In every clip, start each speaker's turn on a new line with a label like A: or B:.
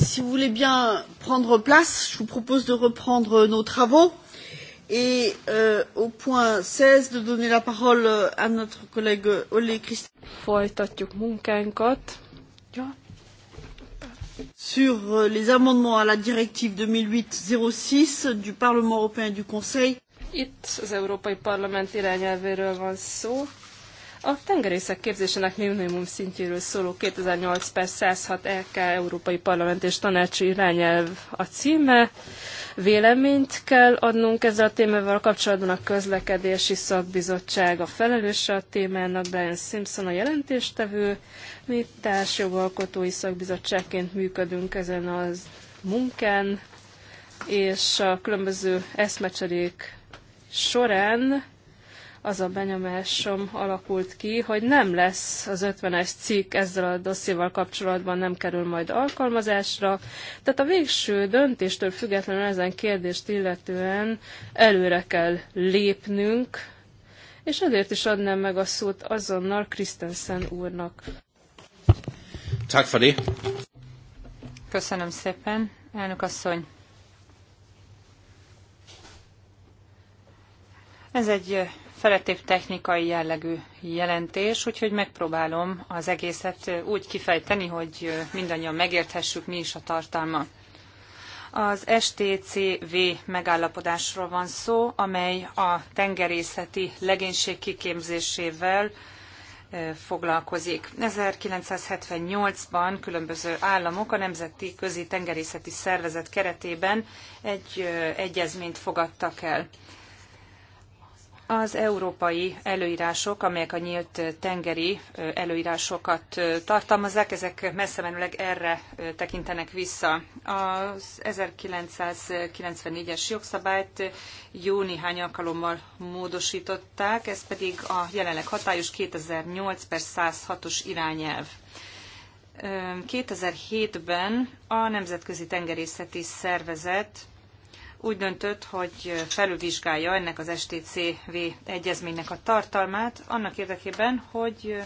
A: si vous voulez bien prendre place je vous propose de reprendre nos travaux et euh, au point seize de donner la parole à notre collègue Olé Christian. Folytatjuk munkánkat. Ja. Sur euh, les amendements à la directive 2008-06 du Parlement européen et du Conseil. Itt az Európai Parlament irányelvéről van szó. A tengerészek képzésének minimum szintjéről szóló 2008 per 106 EK Európai Parlament és Tanácsi irányelv a címe. Véleményt kell adnunk ezzel a témával kapcsolatban a közlekedési szakbizottság a felelőse a témának, Brian Simpson a jelentéstevő. Mi társjogalkotói szakbizottságként működünk ezen a munkán, és a különböző eszmecserék során az a benyomásom alakult ki, hogy nem lesz az 50-es cikk ezzel a dosszéval kapcsolatban nem kerül majd alkalmazásra. Tehát a végső döntéstől függetlenül ezen kérdést illetően előre kell lépnünk, és ezért is adnám meg a szót azonnal Krisztensen úrnak.
B: Köszönöm szépen, elnök asszony. Ez egy feletév technikai jellegű jelentés, úgyhogy megpróbálom az egészet úgy kifejteni, hogy mindannyian megérthessük, mi is a tartalma. Az STCV megállapodásról van szó, amely a tengerészeti legénység kiképzésével foglalkozik. 1978-ban különböző államok a Nemzeti Közi Tengerészeti Szervezet keretében egy egyezményt fogadtak el. Az európai előírások, amelyek a nyílt tengeri előírásokat tartalmazzák, ezek messze menőleg erre tekintenek vissza. Az 1994-es jogszabályt jó néhány alkalommal módosították, ez pedig a jelenleg hatályos 2008 per 106-os irányelv. 2007-ben a Nemzetközi Tengerészeti Szervezet úgy döntött, hogy felülvizsgálja ennek az STCV egyezménynek a tartalmát, annak érdekében, hogy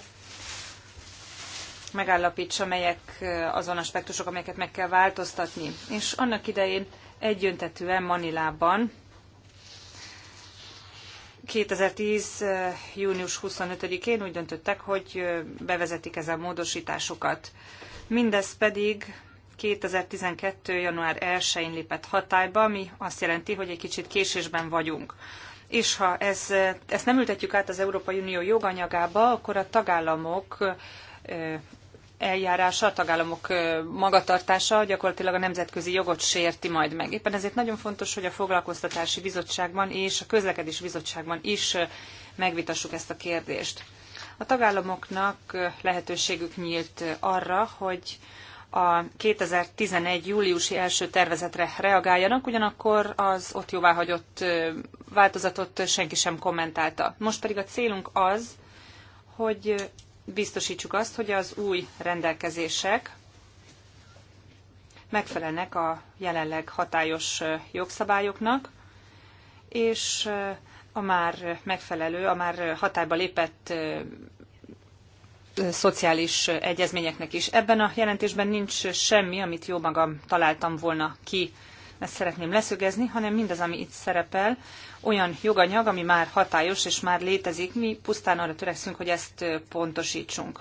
B: megállapítsa, melyek eh, azon aspektusok, amelyeket meg kell változtatni. És annak idején egyöntetően Manilában 2010. Eh, június 25-én úgy döntöttek, hogy eh, bevezetik ezen módosításokat. Mindez pedig 2012. január 1-én lépett hatályba, ami azt jelenti, hogy egy kicsit késésben vagyunk. És ha ez, ezt nem ültetjük át az Európai Unió joganyagába, akkor a tagállamok eljárása, a tagállamok magatartása gyakorlatilag a nemzetközi jogot sérti majd meg. Éppen ezért nagyon fontos, hogy a foglalkoztatási bizottságban és a közlekedési bizottságban is megvitassuk ezt a kérdést. A tagállamoknak lehetőségük nyílt arra, hogy a 2011. júliusi első tervezetre reagáljanak, ugyanakkor az ott jóváhagyott változatot senki sem kommentálta. Most pedig a célunk az, hogy biztosítsuk azt, hogy az új rendelkezések megfelelnek a jelenleg hatályos jogszabályoknak, és a már megfelelő, a már hatályba lépett szociális egyezményeknek is. Ebben a jelentésben nincs semmi, amit jó magam találtam volna ki, ezt szeretném leszögezni, hanem mindaz, ami itt szerepel, olyan joganyag, ami már hatályos és már létezik, mi pusztán arra törekszünk, hogy ezt pontosítsunk.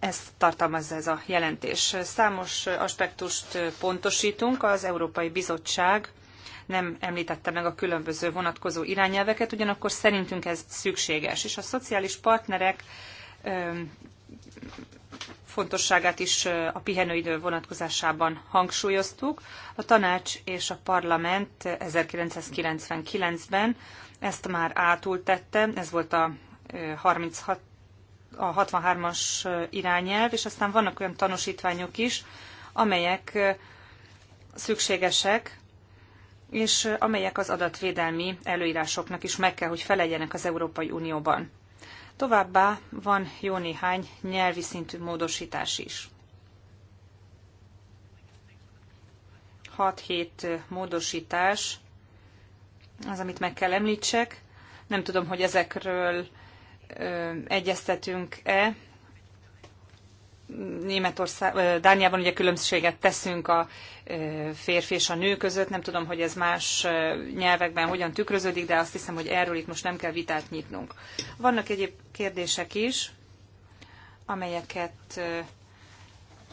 B: Ezt tartalmazza ez a jelentés. Számos aspektust pontosítunk, az Európai Bizottság nem említette meg a különböző vonatkozó irányelveket, ugyanakkor szerintünk ez szükséges, és a szociális partnerek fontosságát is a pihenőidő vonatkozásában hangsúlyoztuk. A tanács és a parlament 1999-ben ezt már átültette, ez volt a 36 a 63-as irányelv, és aztán vannak olyan tanúsítványok is, amelyek szükségesek, és amelyek az adatvédelmi előírásoknak is meg kell, hogy feleljenek az Európai Unióban. Továbbá van jó néhány nyelvi szintű módosítás is. 6-7 módosítás, az, amit meg kell említsek. Nem tudom, hogy ezekről ö, egyeztetünk-e, Németország, Dániában ugye különbséget teszünk a férfi és a nő között, nem tudom, hogy ez más nyelvekben hogyan tükröződik, de azt hiszem, hogy erről itt most nem kell vitát nyitnunk. Vannak egyéb kérdések is, amelyeket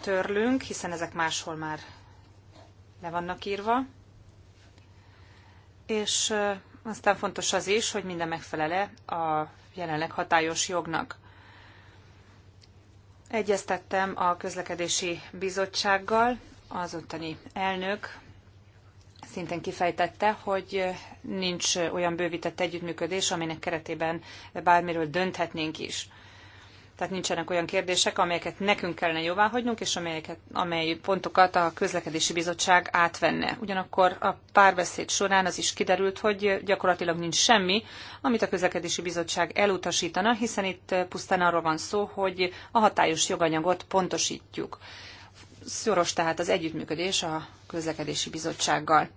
B: törlünk, hiszen ezek máshol már le vannak írva. És aztán fontos az is, hogy minden megfelele a jelenleg hatályos jognak. Egyeztettem a közlekedési bizottsággal, az ottani elnök szintén kifejtette, hogy nincs olyan bővített együttműködés, aminek keretében bármiről dönthetnénk is. Tehát nincsenek olyan kérdések, amelyeket nekünk kellene jóváhagynunk, és amelyeket, amely pontokat a közlekedési bizottság átvenne. Ugyanakkor a párbeszéd során az is kiderült, hogy gyakorlatilag nincs semmi, amit a közlekedési bizottság elutasítana, hiszen itt pusztán arról van szó, hogy a hatályos joganyagot pontosítjuk. Szoros tehát az együttműködés a közlekedési bizottsággal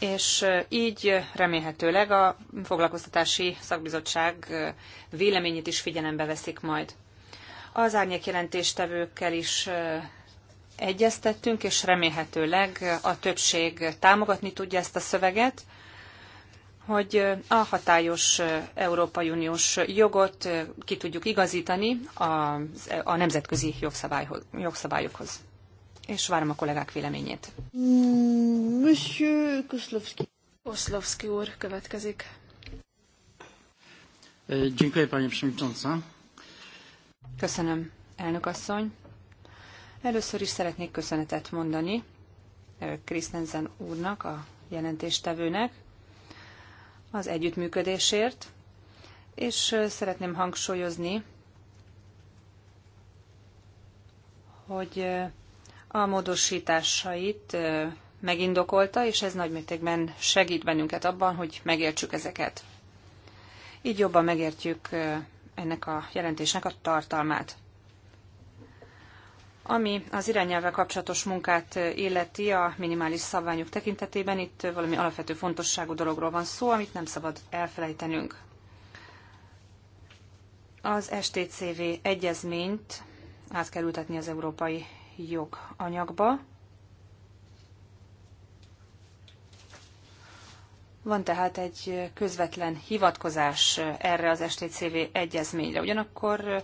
B: és így remélhetőleg a foglalkoztatási szakbizottság véleményét is figyelembe veszik majd. Az árnyék jelentéstevőkkel is egyeztettünk, és remélhetőleg a többség támogatni tudja ezt a szöveget, hogy a hatályos Európai Uniós jogot ki tudjuk igazítani a, a nemzetközi jogszabályokhoz és várom a kollégák véleményét.
A: Monsieur Koszlovski. Koszlovski úr következik.
B: E, dziękuję, przewodnicząca. Köszönöm, elnök asszony. Először is szeretnék köszönetet mondani Krisztenzen e, úrnak, a jelentéstevőnek, az együttműködésért, és e, szeretném hangsúlyozni, hogy a módosításait megindokolta, és ez nagymértékben segít bennünket abban, hogy megértsük ezeket. Így jobban megértjük ennek a jelentésnek a tartalmát. Ami az irányelvvel kapcsolatos munkát illeti a minimális szabványok tekintetében, itt valami alapvető fontosságú dologról van szó, amit nem szabad elfelejtenünk. Az STCV egyezményt át kell az európai joganyagba. Van tehát egy közvetlen hivatkozás erre az STCV egyezményre. Ugyanakkor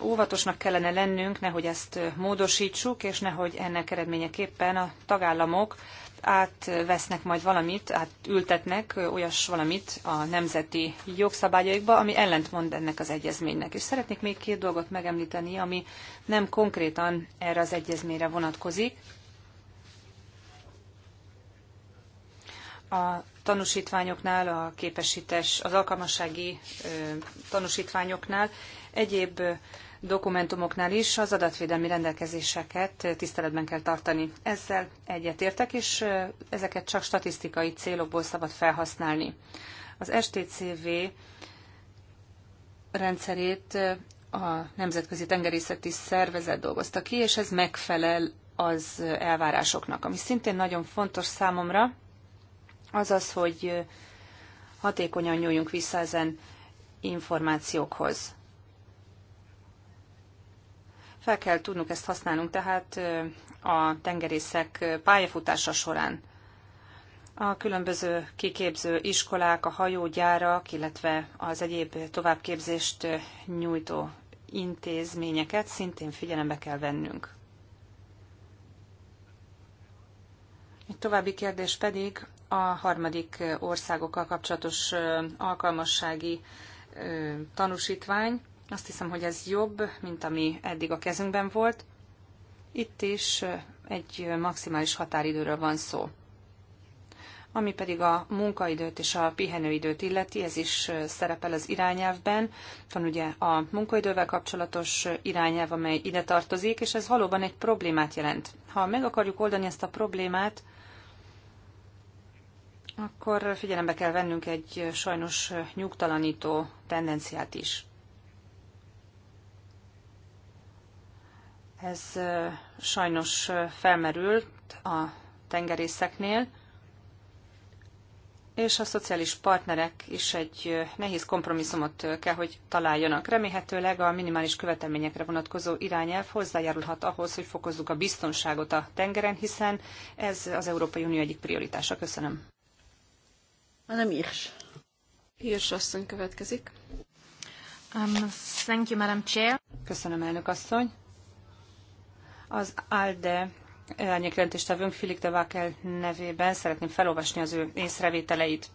B: óvatosnak kellene lennünk, nehogy ezt módosítsuk, és nehogy ennek eredményeképpen a tagállamok átvesznek majd valamit, átültetnek olyas valamit a nemzeti jogszabályaikba, ami ellentmond ennek az egyezménynek. És szeretnék még két dolgot megemlíteni, ami nem konkrétan erre az egyezményre vonatkozik. A tanúsítványoknál, a képesítés, az alkalmassági tanúsítványoknál egyéb dokumentumoknál is az adatvédelmi rendelkezéseket tiszteletben kell tartani. Ezzel egyetértek, és ezeket csak statisztikai célokból szabad felhasználni. Az STCV rendszerét a Nemzetközi Tengerészeti Szervezet dolgozta ki, és ez megfelel az elvárásoknak. Ami szintén nagyon fontos számomra, az az, hogy hatékonyan nyúljunk vissza ezen információkhoz. Fel kell tudnunk ezt használnunk tehát a tengerészek pályafutása során. A különböző kiképző iskolák, a hajógyárak, illetve az egyéb továbbképzést nyújtó intézményeket szintén figyelembe kell vennünk. Egy további kérdés pedig a harmadik országokkal kapcsolatos alkalmassági tanúsítvány. Azt hiszem, hogy ez jobb, mint ami eddig a kezünkben volt. Itt is egy maximális határidőről van szó. Ami pedig a munkaidőt és a pihenőidőt illeti, ez is szerepel az irányelvben. Van ugye a munkaidővel kapcsolatos irányelv, amely ide tartozik, és ez valóban egy problémát jelent. Ha meg akarjuk oldani ezt a problémát, akkor figyelembe kell vennünk egy sajnos nyugtalanító tendenciát is. Ez sajnos felmerült a tengerészeknél, és a szociális partnerek is egy nehéz kompromisszumot kell, hogy találjanak. Remélhetőleg a minimális követelményekre vonatkozó irányelv hozzájárulhat ahhoz, hogy fokozzuk a biztonságot a tengeren, hiszen ez az Európai Unió egyik prioritása. Köszönöm. Nem Irs. Irs asszony
A: következik.
B: Um, thank you, Madam Chair. Köszönöm, elnök asszony. Az ALDE elnyékrendéstevőnk eh, Filik de Vákel nevében szeretném felolvasni az ő észrevételeit.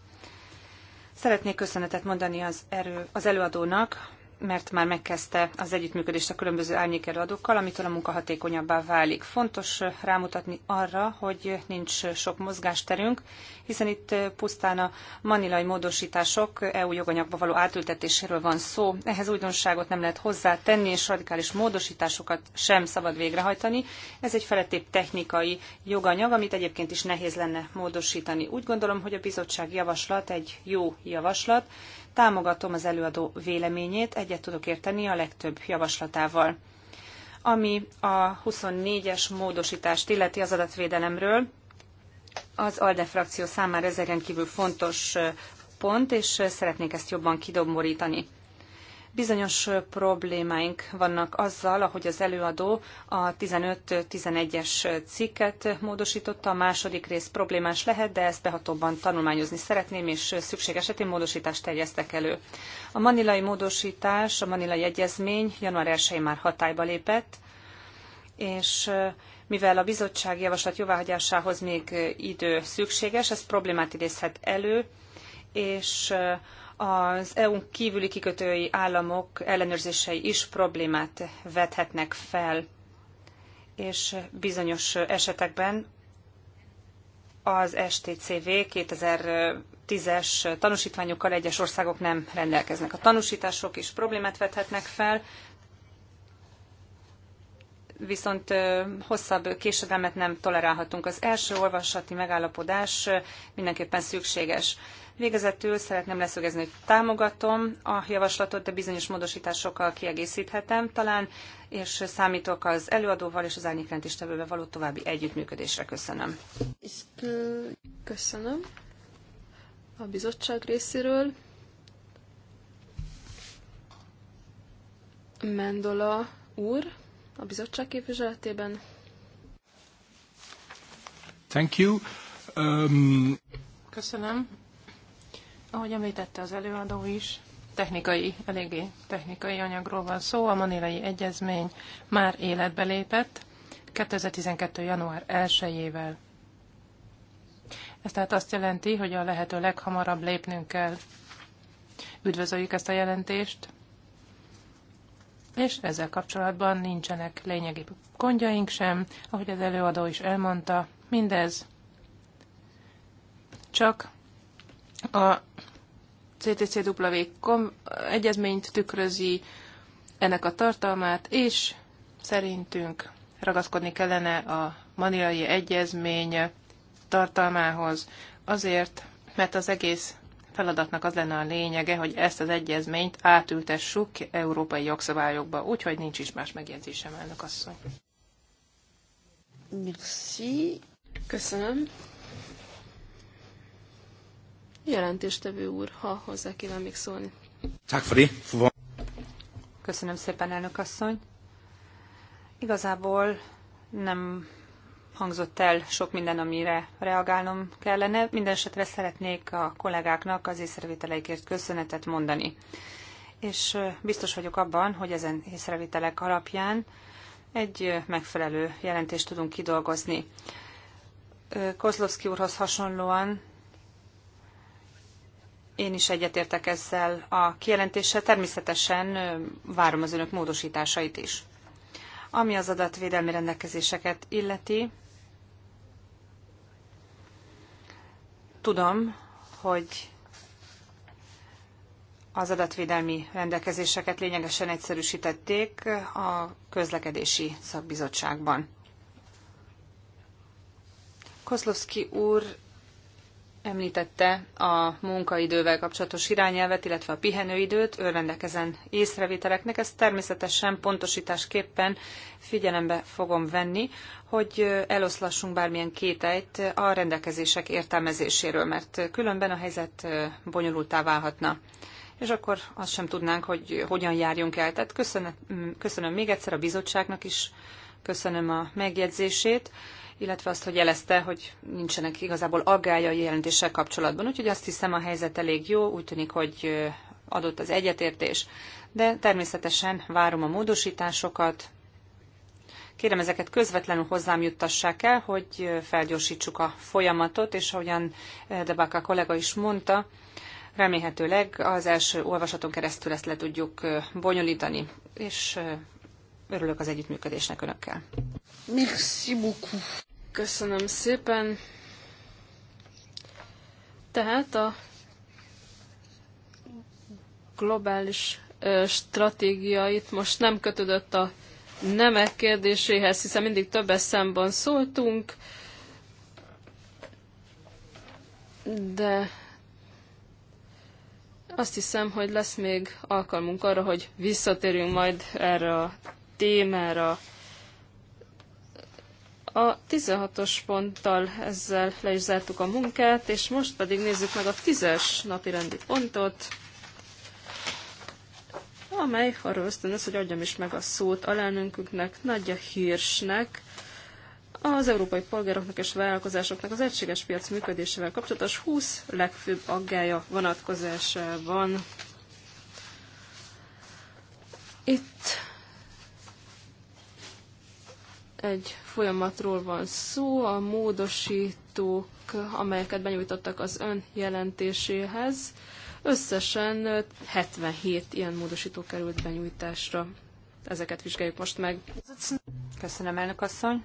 B: Szeretnék köszönetet mondani az, erő, az előadónak mert már megkezdte az együttműködést a különböző árnyékelőadókkal, amitől a munka hatékonyabbá válik. Fontos rámutatni arra, hogy nincs sok mozgásterünk, hiszen itt pusztán a manilai módosítások EU joganyagba való átültetéséről van szó. Ehhez újdonságot nem lehet hozzátenni, és radikális módosításokat sem szabad végrehajtani. Ez egy felettébb technikai joganyag, amit egyébként is nehéz lenne módosítani. Úgy gondolom, hogy a bizottság javaslat egy jó javaslat, Támogatom az előadó véleményét, egyet tudok érteni a legtöbb javaslatával. Ami a 24-es módosítást illeti az adatvédelemről, az ALDE frakció számára ez egy fontos pont, és szeretnék ezt jobban kidomborítani. Bizonyos problémáink vannak azzal, ahogy az előadó a 15-11-es cikket módosította, a második rész problémás lehet, de ezt behatóbban tanulmányozni szeretném, és szükség esetén módosítást terjesztek elő. A manilai módosítás, a manilai egyezmény január 1 már hatályba lépett, és mivel a bizottság javaslat jóváhagyásához még idő szükséges, ez problémát idézhet elő, és az EU kívüli kikötői államok ellenőrzései is problémát vethetnek fel, és bizonyos esetekben az STCV 2010-es tanúsítványokkal egyes országok nem rendelkeznek. A tanúsítások is problémát vethetnek fel, viszont hosszabb késedelmet nem tolerálhatunk. Az első olvasati megállapodás mindenképpen szükséges. Végezetül szeretném leszögezni, hogy támogatom a javaslatot, de bizonyos módosításokkal kiegészíthetem talán, és számítok az előadóval és az árnyékrendtistevővel való további együttműködésre. Köszönöm.
A: Köszönöm. A bizottság részéről Mendola úr a bizottság képviseletében.
C: Thank you. Um... Köszönöm. Ahogy említette az előadó is, technikai, eléggé technikai anyagról van szó. A manilai egyezmény már életbe lépett 2012. január 1-ével. Ez tehát azt jelenti, hogy a lehető leghamarabb lépnünk kell. Üdvözöljük ezt a jelentést, és ezzel kapcsolatban nincsenek lényegi gondjaink sem, ahogy az előadó is elmondta, mindez csak a CTCW egyezményt tükrözi ennek a tartalmát, és szerintünk ragaszkodni kellene a manilai egyezmény tartalmához azért, mert az egész feladatnak az lenne a lényege, hogy ezt az egyezményt átültessük európai jogszabályokba, úgyhogy nincs is más megjegyzésem, elnök asszony. Merci. Köszönöm.
B: Jelentéstevő úr, ha hozzá kíván még szólni. Köszönöm szépen, elnök asszony. Igazából nem hangzott el sok minden, amire reagálnom kellene. Mindenesetre szeretnék a kollégáknak az észrevételeikért köszönetet mondani. És biztos vagyok abban, hogy ezen észrevételek alapján egy megfelelő jelentést tudunk kidolgozni. Kozlovszki úrhoz hasonlóan én is egyetértek ezzel a kijelentéssel, természetesen várom az önök módosításait is. Ami az adatvédelmi rendelkezéseket illeti, tudom, hogy az adatvédelmi rendelkezéseket lényegesen egyszerűsítették a közlekedési szakbizottságban. Koszlovszki úr említette a munkaidővel kapcsolatos irányelvet, illetve a pihenőidőt, örvendek ezen észrevételeknek. Ezt természetesen pontosításképpen figyelembe fogom venni, hogy eloszlassunk bármilyen kételyt a rendelkezések értelmezéséről, mert különben a helyzet bonyolultá válhatna és akkor azt sem tudnánk, hogy hogyan járjunk el. Tehát köszönöm, köszönöm még egyszer a bizottságnak is, köszönöm a megjegyzését illetve azt, hogy jelezte, hogy nincsenek igazából aggályai jelentéssel kapcsolatban. Úgyhogy azt hiszem a helyzet elég jó, úgy tűnik, hogy adott az egyetértés. De természetesen várom a módosításokat. Kérem, ezeket közvetlenül hozzám juttassák el, hogy felgyorsítsuk a folyamatot, és ahogyan Debaka kollega is mondta, remélhetőleg az első olvasaton keresztül ezt le tudjuk bonyolítani, és örülök az együttműködésnek önökkel.
C: Merci
A: beaucoup. Köszönöm szépen. Tehát a globális stratégia itt most nem kötődött a nemek kérdéséhez, hiszen mindig több eszemben szóltunk, de azt hiszem, hogy lesz még alkalmunk arra, hogy visszatérjünk majd erre a témára. A 16-os ponttal ezzel le is zártuk a munkát, és most pedig nézzük meg a 10-es napi rendi pontot, amely arról ösztönöz, hogy adjam is meg a szót alelnökünknek, Nagyja Hírsnek, az európai polgároknak és vállalkozásoknak az egységes piac működésével kapcsolatos 20 legfőbb aggája vonatkozásában. Itt egy folyamatról van szó, a módosítók, amelyeket benyújtottak az ön jelentéséhez. Összesen 77 ilyen módosító került
B: benyújtásra. Ezeket vizsgáljuk most meg. Köszönöm, elnök asszony.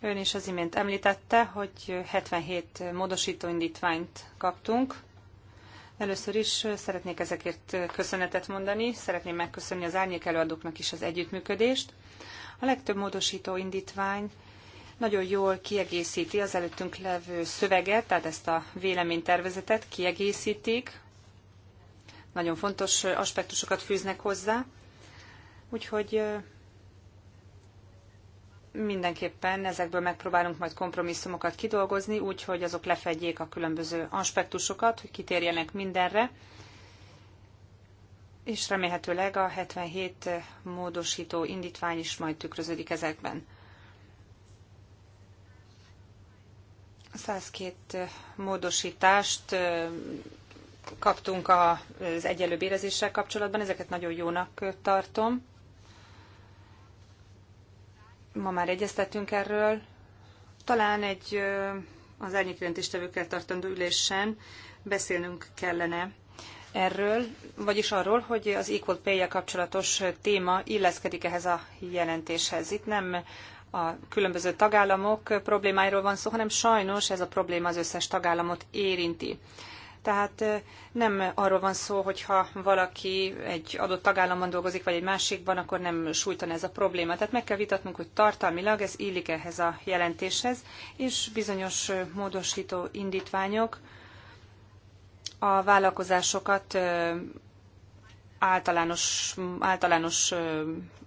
B: Ön is az imént említette, hogy 77 módosító indítványt kaptunk. Először is szeretnék ezekért köszönetet mondani, szeretném megköszönni az árnyék előadóknak is az együttműködést a legtöbb módosító indítvány nagyon jól kiegészíti az előttünk levő szöveget, tehát ezt a véleménytervezetet kiegészítik, nagyon fontos aspektusokat fűznek hozzá, úgyhogy mindenképpen ezekből megpróbálunk majd kompromisszumokat kidolgozni, úgyhogy azok lefedjék a különböző aspektusokat, hogy kitérjenek mindenre, és remélhetőleg a 77 módosító indítvány is majd tükröződik ezekben. A 102 módosítást kaptunk az egyenlő bérezéssel kapcsolatban, ezeket nagyon jónak tartom. Ma már egyeztettünk erről. Talán egy az árnyékjelentéstevőkkel tartandó ülésen beszélnünk kellene erről, vagyis arról, hogy az equal pay kapcsolatos téma illeszkedik ehhez a jelentéshez. Itt nem a különböző tagállamok problémáiról van szó, hanem sajnos ez a probléma az összes tagállamot érinti. Tehát nem arról van szó, hogy ha valaki egy adott tagállamban dolgozik, vagy egy másikban, akkor nem sújtan ez a probléma. Tehát meg kell vitatnunk, hogy tartalmilag ez illik ehhez a jelentéshez, és bizonyos módosító indítványok, a vállalkozásokat általános, általános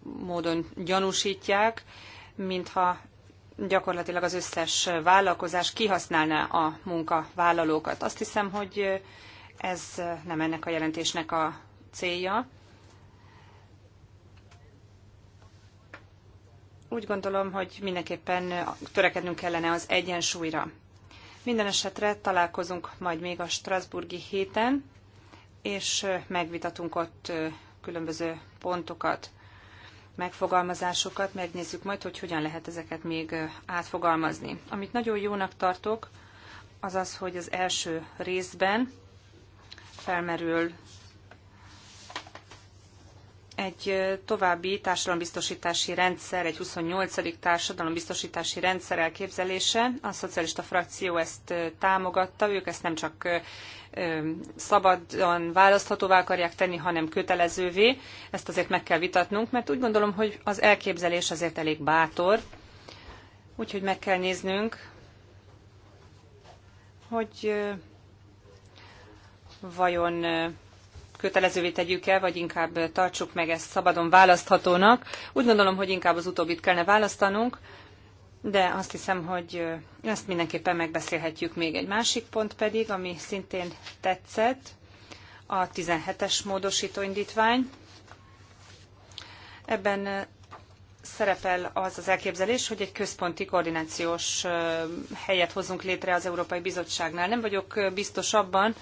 B: módon gyanúsítják, mintha gyakorlatilag az összes vállalkozás kihasználná a munkavállalókat. Azt hiszem, hogy ez nem ennek a jelentésnek a célja. Úgy gondolom, hogy mindenképpen törekednünk kellene az egyensúlyra. Minden esetre találkozunk majd még a Strasburgi héten, és megvitatunk ott különböző pontokat, megfogalmazásokat, megnézzük majd, hogy hogyan lehet ezeket még átfogalmazni. Amit nagyon jónak tartok, az az, hogy az első részben felmerül egy további társadalombiztosítási rendszer, egy 28. társadalombiztosítási rendszer elképzelése. A szocialista frakció ezt támogatta, ők ezt nem csak szabadon választhatóvá akarják tenni, hanem kötelezővé. Ezt azért meg kell vitatnunk, mert úgy gondolom, hogy az elképzelés azért elég bátor. Úgyhogy meg kell néznünk, hogy vajon kötelezővé tegyük el, vagy inkább tartsuk meg ezt szabadon választhatónak. Úgy gondolom, hogy inkább az utóbbit kellene választanunk, de azt hiszem, hogy ezt mindenképpen megbeszélhetjük még. Egy másik pont pedig, ami szintén tetszett, a 17-es módosítóindítvány. Ebben szerepel az az elképzelés, hogy egy központi koordinációs helyet hozzunk létre az Európai Bizottságnál. Nem vagyok biztos abban,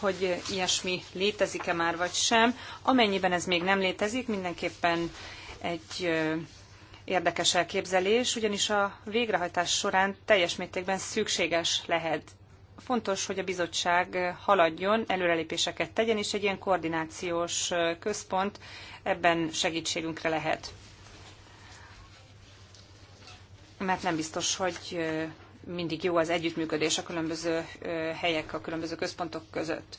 B: hogy ilyesmi létezik-e már vagy sem. Amennyiben ez még nem létezik, mindenképpen egy érdekes elképzelés, ugyanis a végrehajtás során teljes mértékben szükséges lehet. Fontos, hogy a bizottság haladjon, előrelépéseket tegyen, és egy ilyen koordinációs központ ebben segítségünkre lehet. Mert nem biztos, hogy mindig jó az együttműködés a különböző helyek, a különböző központok között.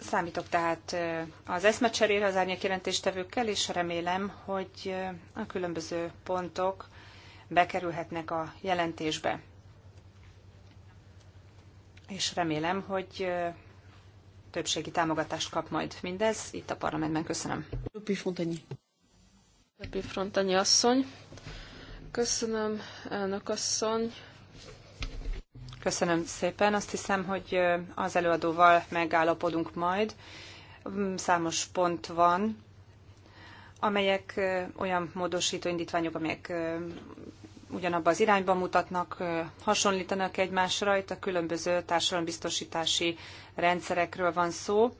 B: Számítok tehát az eszmecserére az árnyék jelentéstevőkkel, és remélem, hogy a különböző pontok bekerülhetnek a jelentésbe. És remélem, hogy többségi támogatást kap majd mindez itt a parlamentben. Köszönöm.
A: Lupi Frontani. Lupi Frontani
B: asszony. Köszönöm, elnök asszony. Köszönöm szépen. Azt hiszem, hogy az előadóval megállapodunk majd. Mm, számos pont van, amelyek olyan módosító indítványok, amelyek ugyanabba az irányba mutatnak, hasonlítanak egymásra. Itt a különböző társadalombiztosítási rendszerekről van szó.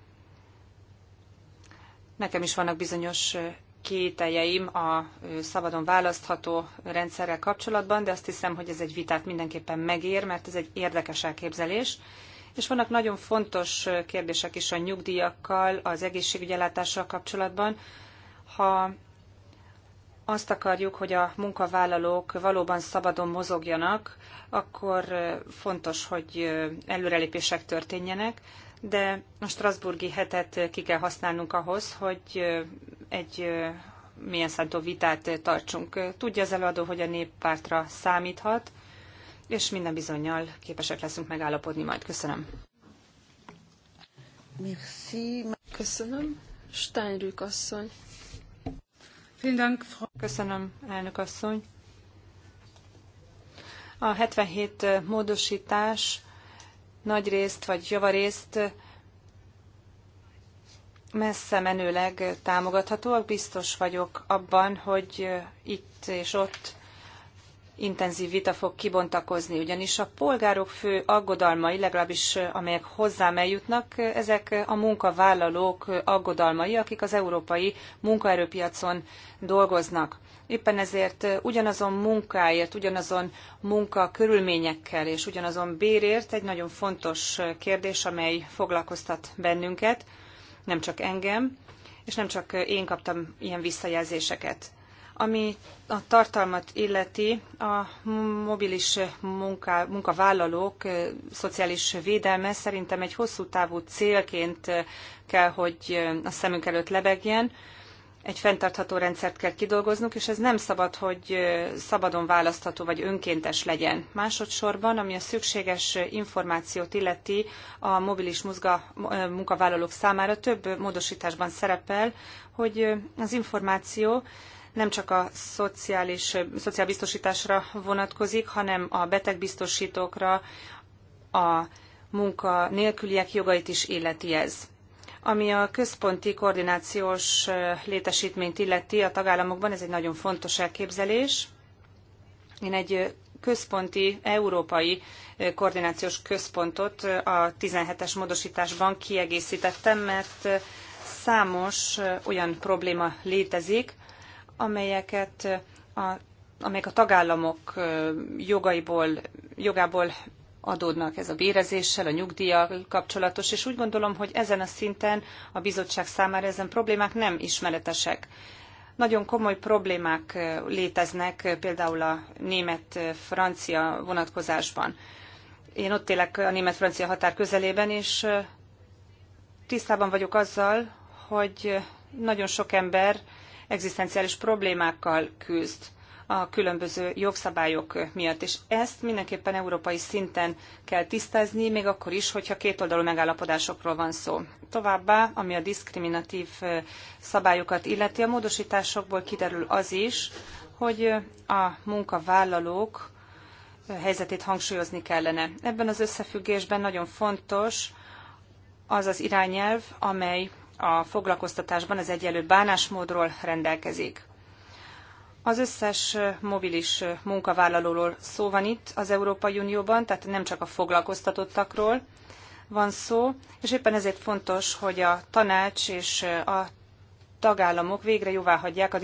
B: Nekem is vannak bizonyos kételjeim a szabadon választható rendszerrel kapcsolatban, de azt hiszem, hogy ez egy vitát mindenképpen megér, mert ez egy érdekes elképzelés. És vannak nagyon fontos kérdések is a nyugdíjakkal, az egészségügyelátással kapcsolatban. Ha azt akarjuk, hogy a munkavállalók valóban szabadon mozogjanak, akkor fontos, hogy előrelépések történjenek, de a Strasburgi hetet ki kell használnunk ahhoz, hogy egy milyen szántó vitát tartsunk. Tudja az előadó, hogy a néppártra számíthat, és minden bizonyal képesek leszünk megállapodni majd. Köszönöm.
A: Merci. Köszönöm. Steinrück asszony. Köszönöm,
B: elnök asszony. A 77 módosítás nagy részt vagy javarészt messze menőleg támogathatóak. Biztos vagyok abban, hogy itt és ott intenzív vita fog kibontakozni, ugyanis a polgárok fő aggodalmai, legalábbis amelyek hozzám eljutnak, ezek a munkavállalók aggodalmai, akik az európai munkaerőpiacon dolgoznak. Éppen ezért ugyanazon munkáért, ugyanazon munka körülményekkel és ugyanazon bérért egy nagyon fontos kérdés, amely foglalkoztat bennünket, nem csak engem, és nem csak én kaptam ilyen visszajelzéseket. Ami a tartalmat illeti, a mobilis munka munkavállalók szociális védelme szerintem egy hosszú távú célként kell, hogy a szemünk előtt lebegjen, egy fenntartható rendszert kell kidolgoznunk, és ez nem szabad, hogy szabadon választható vagy önkéntes legyen. Másodszorban, ami a szükséges információt illeti a mobilis munkavállalók számára, több módosításban szerepel, hogy az információ nem csak a szociális, szociálbiztosításra vonatkozik, hanem a betegbiztosítókra, a munka nélküliek jogait is illeti ez. Ami a központi koordinációs létesítményt illeti a tagállamokban, ez egy nagyon fontos elképzelés. Én egy központi európai koordinációs központot a 17-es módosításban kiegészítettem, mert számos olyan probléma létezik, amelyeket a amelyek a tagállamok jogaiból, jogából adódnak ez a bérezéssel, a nyugdíjjal kapcsolatos, és úgy gondolom, hogy ezen a szinten a bizottság számára ezen problémák nem ismeretesek. Nagyon komoly problémák léteznek például a német-francia vonatkozásban. Én ott élek a német-francia határ közelében, és tisztában vagyok azzal, hogy nagyon sok ember egzisztenciális problémákkal küzd a különböző jogszabályok miatt. És ezt mindenképpen európai szinten kell tisztázni, még akkor is, hogyha kétoldalú megállapodásokról van szó. Továbbá, ami a diszkriminatív szabályokat illeti, a módosításokból kiderül az is, hogy a munkavállalók helyzetét hangsúlyozni kellene. Ebben az összefüggésben nagyon fontos az az irányelv, amely a foglalkoztatásban az egyenlő bánásmódról rendelkezik. Az összes mobilis munkavállalóról szó van itt az Európai Unióban, tehát nem csak a foglalkoztatottakról van szó, és éppen ezért fontos, hogy a tanács és a tagállamok végre jóváhagyják a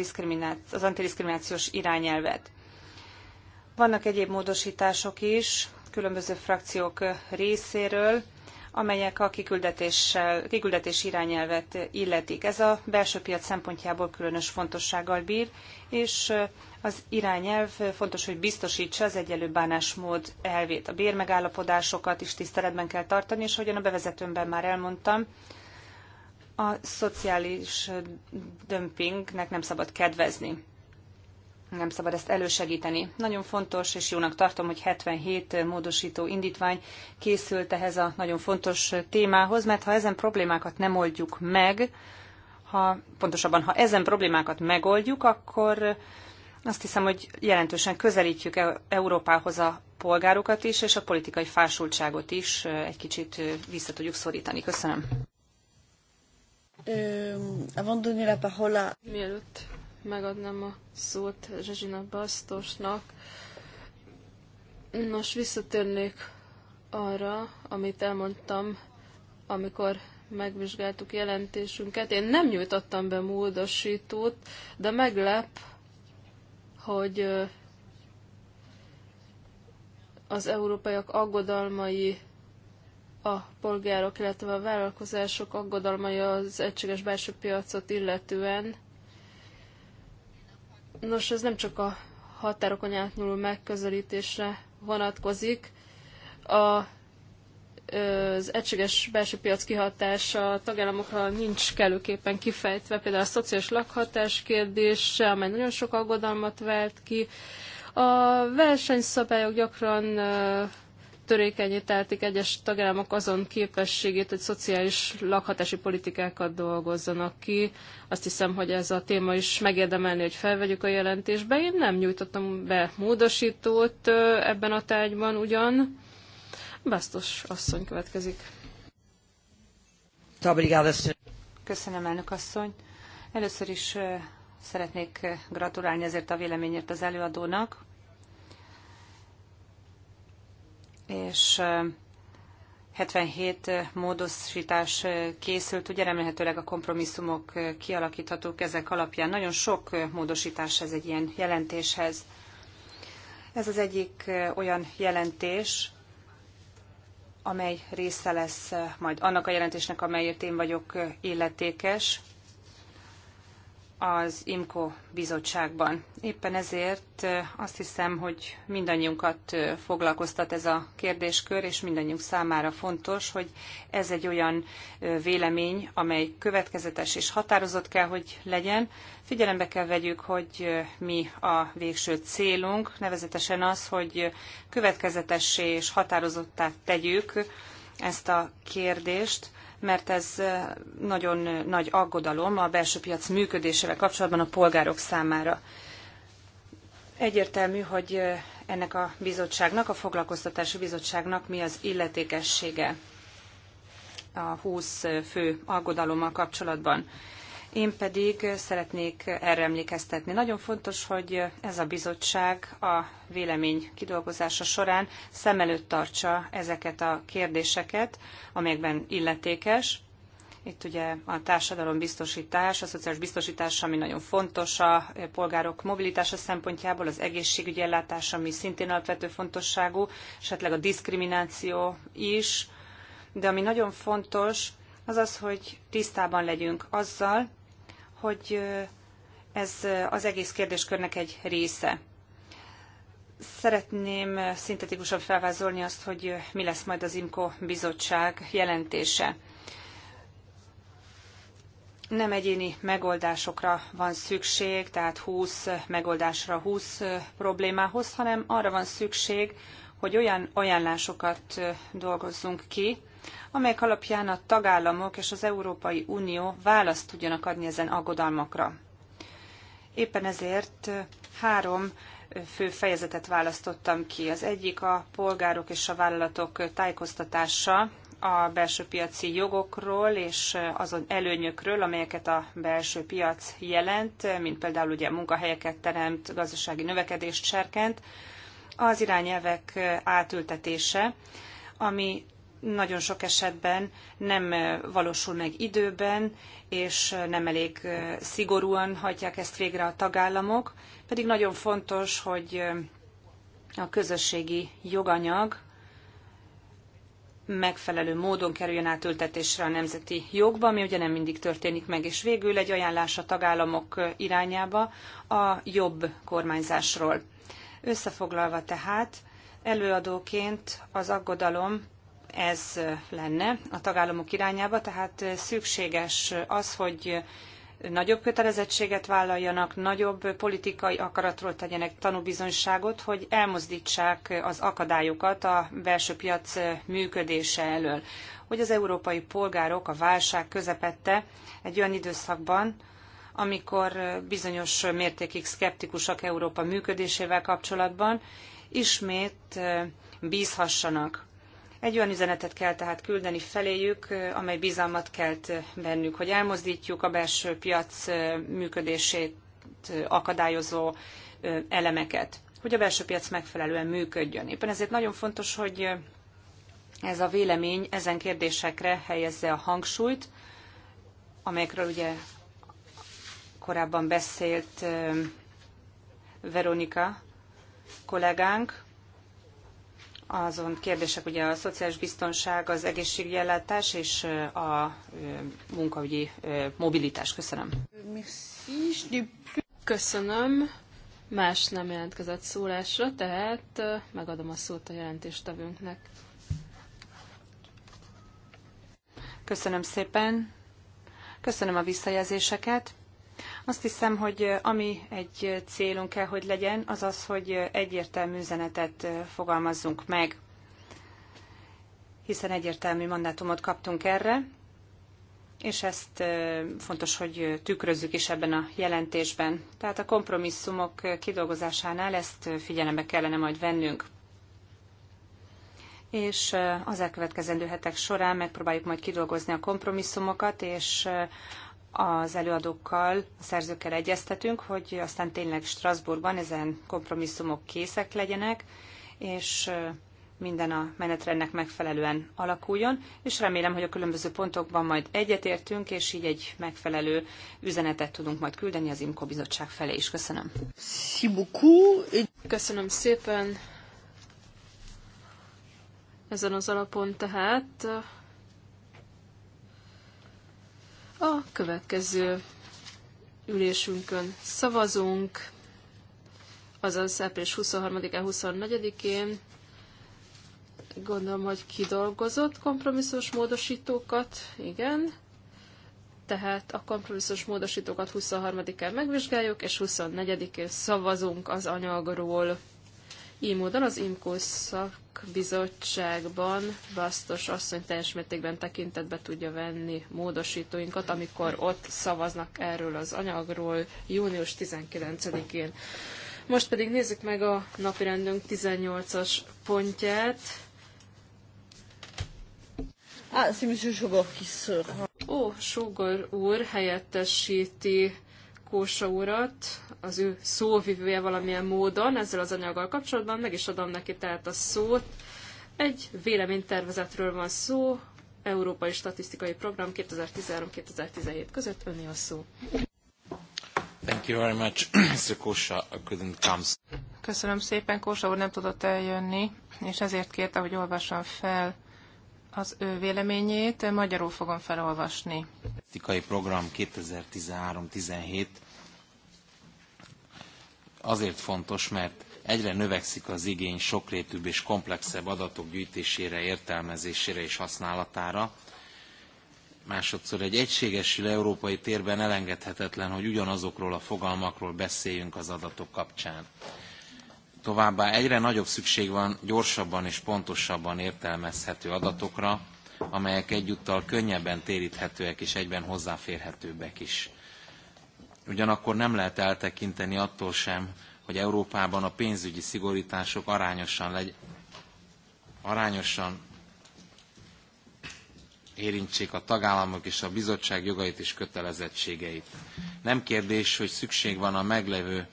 B: az antidiszkriminációs irányelvet. Vannak egyéb módosítások is, különböző frakciók részéről, amelyek a kiküldetéssel, kiküldetés irányelvet illetik. Ez a belső piac szempontjából különös fontossággal bír, és az irányelv fontos, hogy biztosítsa az egyenlő bánásmód elvét. A bérmegállapodásokat is tiszteletben kell tartani, és ahogyan a bevezetőmben már elmondtam, a szociális dömpingnek nem szabad kedvezni nem szabad ezt elősegíteni. Nagyon fontos, és jónak tartom, hogy 77 módosító indítvány készült ehhez a nagyon fontos témához, mert ha ezen problémákat nem oldjuk meg, ha, pontosabban, ha ezen problémákat megoldjuk, akkor azt hiszem, hogy jelentősen közelítjük e-, Európához a polgárokat is, és a politikai fásultságot is egy kicsit vissza tudjuk szorítani. Köszönöm.
A: Avant donner la parole Mielőtt megadnám a szót Zsezsina Basztosnak. Nos, visszatérnék arra, amit elmondtam, amikor megvizsgáltuk jelentésünket. Én nem nyújtottam be módosítót, de meglep, hogy az európaiak aggodalmai a polgárok, illetve a vállalkozások aggodalmai az egységes belső piacot illetően Nos, ez nem csak a határokon átnyúló megközelítésre vonatkozik. A, az egységes belső piac kihatása a tagállamokra nincs kellőképpen kifejtve, például a szociális lakhatás kérdése, amely nagyon sok aggodalmat vált ki. A versenyszabályok gyakran törékenyé teltik egyes tagállamok azon képességét, hogy szociális lakhatási politikákat dolgozzanak ki. Azt hiszem, hogy ez a téma is megérdemelni, hogy felvegyük a jelentésbe. Én nem nyújtottam be módosítót ebben a tárgyban ugyan.
B: Bastos asszony következik. Köszönöm, elnök asszony. Először is szeretnék gratulálni ezért a véleményért az előadónak és 77 módosítás készült, ugye remélhetőleg a kompromisszumok kialakíthatók ezek alapján. Nagyon sok módosítás ez egy ilyen jelentéshez. Ez az egyik olyan jelentés, amely része lesz majd annak a jelentésnek, amelyért én vagyok illetékes, az IMCO bizottságban. Éppen ezért azt hiszem, hogy mindannyiunkat foglalkoztat ez a kérdéskör, és mindannyiunk számára fontos, hogy ez egy olyan vélemény, amely következetes és határozott kell, hogy legyen. Figyelembe kell vegyük, hogy mi a végső célunk, nevezetesen az, hogy következetessé és határozottá tegyük ezt a kérdést, mert ez nagyon nagy aggodalom a belső piac működésével kapcsolatban a polgárok számára. Egyértelmű, hogy ennek a bizottságnak, a foglalkoztatási bizottságnak mi az illetékessége a 20 fő aggodalommal kapcsolatban. Én pedig szeretnék erre emlékeztetni. Nagyon fontos, hogy ez a bizottság a vélemény kidolgozása során szem előtt tartsa ezeket a kérdéseket, amelyekben illetékes. Itt ugye a társadalombiztosítás, a szociális biztosítás, ami nagyon fontos a polgárok mobilitása szempontjából, az egészségügyi ellátás, ami szintén alapvető fontosságú, esetleg a diszkrimináció is, de ami nagyon fontos, az az, hogy tisztában legyünk azzal, hogy ez az egész kérdéskörnek egy része. Szeretném szintetikusan felvázolni azt, hogy mi lesz majd az IMCO bizottság jelentése. Nem egyéni megoldásokra van szükség, tehát 20 megoldásra 20 problémához, hanem arra van szükség, hogy olyan ajánlásokat dolgozzunk ki, amelyek alapján a tagállamok és az Európai Unió választ tudjanak adni ezen aggodalmakra. Éppen ezért három fő fejezetet választottam ki. Az egyik a polgárok és a vállalatok tájékoztatása a belső piaci jogokról és azon előnyökről, amelyeket a belső piac jelent, mint például ugye munkahelyeket teremt, gazdasági növekedést serkent, az irányelvek átültetése, ami nagyon sok esetben nem eh, valósul meg időben, és eh, nem elég eh, szigorúan hagyják ezt végre a tagállamok, pedig nagyon fontos, hogy a közösségi joganyag megfelelő módon kerüljön átültetésre a nemzeti jogba, ami ugye nem mindig történik meg, és végül egy ajánlás a tagállamok irányába a jobb kormányzásról. Összefoglalva tehát, előadóként az aggodalom ez lenne a tagállamok irányába, tehát szükséges az, hogy nagyobb kötelezettséget vállaljanak, nagyobb politikai akaratról tegyenek tanúbizonyságot, hogy elmozdítsák az akadályokat a belső piac működése elől. Hogy az európai polgárok a válság közepette egy olyan időszakban, amikor bizonyos mértékig szkeptikusak Európa működésével kapcsolatban, ismét bízhassanak egy olyan üzenetet kell tehát küldeni feléjük, amely bizalmat kelt bennük, hogy elmozdítjuk a belső piac működését akadályozó elemeket, hogy a belső piac megfelelően működjön. Éppen ezért nagyon fontos, hogy ez a vélemény ezen kérdésekre helyezze a hangsúlyt, amelyekről ugye korábban beszélt Veronika kollégánk, azon kérdések, ugye a szociális biztonság, az egészségügyi ellátás és a munkaügyi mobilitás. Köszönöm.
A: Köszönöm. Más nem jelentkezett szólásra, tehát megadom a szót a jelentéstevőnknek.
B: Köszönöm szépen. Köszönöm a visszajelzéseket. Azt hiszem, hogy ami egy célunk kell, hogy legyen, az az, hogy egyértelmű üzenetet fogalmazzunk meg, hiszen egyértelmű mandátumot kaptunk erre, és ezt fontos, hogy tükrözzük is ebben a jelentésben. Tehát a kompromisszumok kidolgozásánál ezt figyelembe kellene majd vennünk. És az elkövetkezendő hetek során megpróbáljuk majd kidolgozni a kompromisszumokat, és az előadókkal, a szerzőkkel egyeztetünk, hogy aztán tényleg Strasbourgban ezen kompromisszumok készek legyenek, és minden a menetrendnek megfelelően alakuljon, és remélem, hogy a különböző pontokban majd egyetértünk, és így egy megfelelő üzenetet tudunk majd küldeni az IMCO bizottság felé is. Köszönöm. Köszönöm szépen.
A: Ezen az alapon tehát a következő ülésünkön szavazunk, azaz április 23-án, 24-én. Gondolom, hogy kidolgozott kompromisszós módosítókat, igen. Tehát a kompromisszós módosítókat 23-án megvizsgáljuk, és 24-én szavazunk az anyagról. Így módon az IMCO szakbizottságban Basztos asszony teljes mértékben tekintetbe tudja venni módosítóinkat, amikor ott szavaznak erről az anyagról június 19-én. Most pedig nézzük meg a napirendünk 18-as pontját. Ah, Ó, Sugor úr helyettesíti Kósa urat, az ő szóvivője valamilyen módon ezzel az anyaggal kapcsolatban, meg is adom neki tehát a szót. Egy véleménytervezetről van szó, Európai Statisztikai Program 2013-2017
C: között, önni a szó.
D: Thank you very much, Mr. Kósa, couldn't come.
C: Köszönöm szépen, Kósa úr nem tudott eljönni, és ezért kérte, hogy olvassam fel az ő véleményét, magyarul fogom felolvasni.
D: Tikai program 2013-17 azért fontos, mert egyre növekszik az igény sokrétűbb és komplexebb adatok gyűjtésére, értelmezésére és használatára. Másodszor egy egységesül európai térben elengedhetetlen, hogy ugyanazokról a fogalmakról beszéljünk az adatok kapcsán. Továbbá egyre nagyobb szükség van gyorsabban és pontosabban értelmezhető adatokra, amelyek egyúttal könnyebben téríthetőek és egyben hozzáférhetőbbek is. Ugyanakkor nem lehet eltekinteni attól sem, hogy Európában a pénzügyi szigorítások arányosan, legy- arányosan érintsék a tagállamok és a bizottság jogait és kötelezettségeit. Nem kérdés, hogy szükség van a meglevő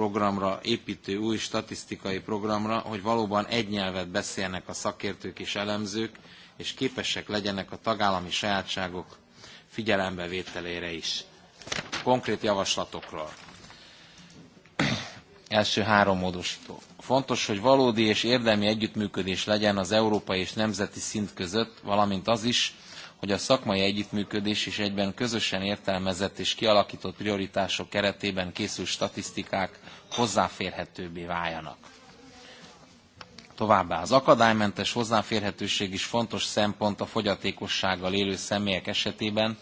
D: programra építő új statisztikai programra, hogy valóban egy nyelvet beszélnek a szakértők és elemzők, és képesek legyenek a tagállami sajátságok figyelembevételére is. Konkrét javaslatokról. Első három módosító. Fontos, hogy valódi és érdemi együttműködés legyen az európai és nemzeti szint között, valamint az is, hogy a szakmai együttműködés és egyben közösen értelmezett és kialakított prioritások keretében készült statisztikák hozzáférhetőbbé váljanak. Továbbá az akadálymentes hozzáférhetőség is fontos szempont a fogyatékossággal élő személyek esetében,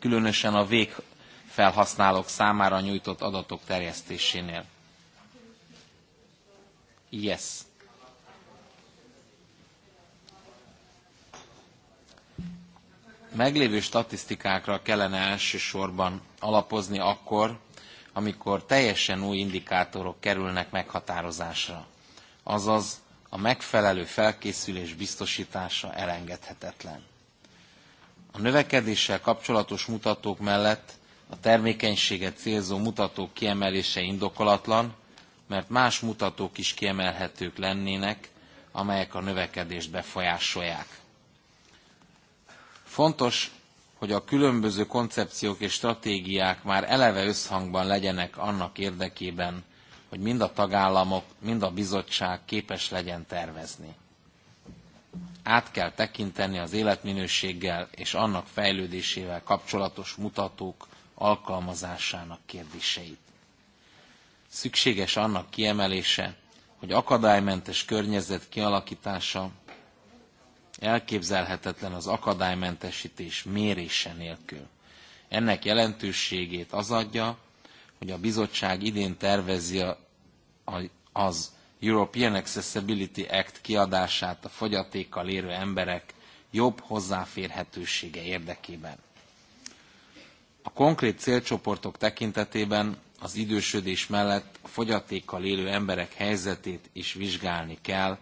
D: különösen a végfelhasználók számára nyújtott adatok terjesztésénél. Yes. meglévő statisztikákra kellene elsősorban alapozni akkor, amikor teljesen új indikátorok kerülnek meghatározásra. Azaz a megfelelő felkészülés biztosítása elengedhetetlen. A növekedéssel kapcsolatos mutatók mellett a termékenységet célzó mutatók kiemelése indokolatlan, mert más mutatók is kiemelhetők lennének, amelyek a növekedést befolyásolják. Fontos, hogy a különböző koncepciók és stratégiák már eleve összhangban legyenek annak érdekében, hogy mind a tagállamok, mind a bizottság képes legyen tervezni. Át kell tekinteni az életminőséggel és annak fejlődésével kapcsolatos mutatók alkalmazásának kérdéseit. Szükséges annak kiemelése, hogy akadálymentes környezet kialakítása elképzelhetetlen az akadálymentesítés mérése nélkül. Ennek jelentőségét az adja, hogy a bizottság idén tervezi az European Accessibility Act kiadását a fogyatékkal érő emberek jobb hozzáférhetősége érdekében. A konkrét célcsoportok tekintetében az idősödés mellett a fogyatékkal élő emberek helyzetét is vizsgálni kell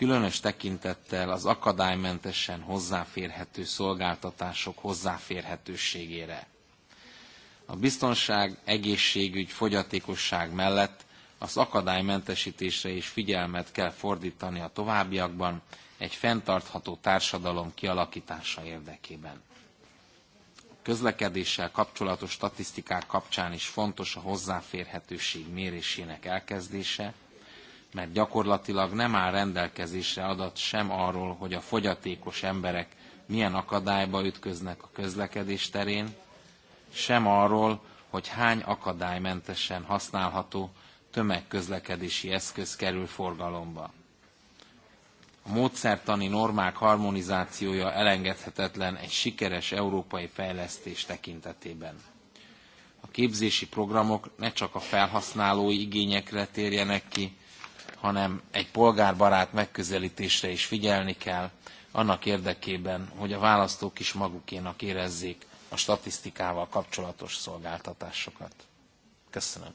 D: különös tekintettel az akadálymentesen hozzáférhető szolgáltatások hozzáférhetőségére. A biztonság, egészségügy, fogyatékosság mellett az akadálymentesítésre is figyelmet kell fordítani a továbbiakban egy fenntartható társadalom kialakítása érdekében. A közlekedéssel kapcsolatos statisztikák kapcsán is fontos a hozzáférhetőség mérésének elkezdése, mert gyakorlatilag nem áll rendelkezésre adat sem arról, hogy a fogyatékos emberek milyen akadályba ütköznek a közlekedés terén, sem arról, hogy hány akadálymentesen használható tömegközlekedési eszköz kerül forgalomba. A módszertani normák harmonizációja elengedhetetlen egy sikeres európai fejlesztés tekintetében. A képzési programok ne csak a felhasználói igényekre térjenek ki, hanem egy polgárbarát megközelítésre is figyelni kell, annak érdekében, hogy a választók is magukénak érezzék a statisztikával kapcsolatos szolgáltatásokat. Köszönöm.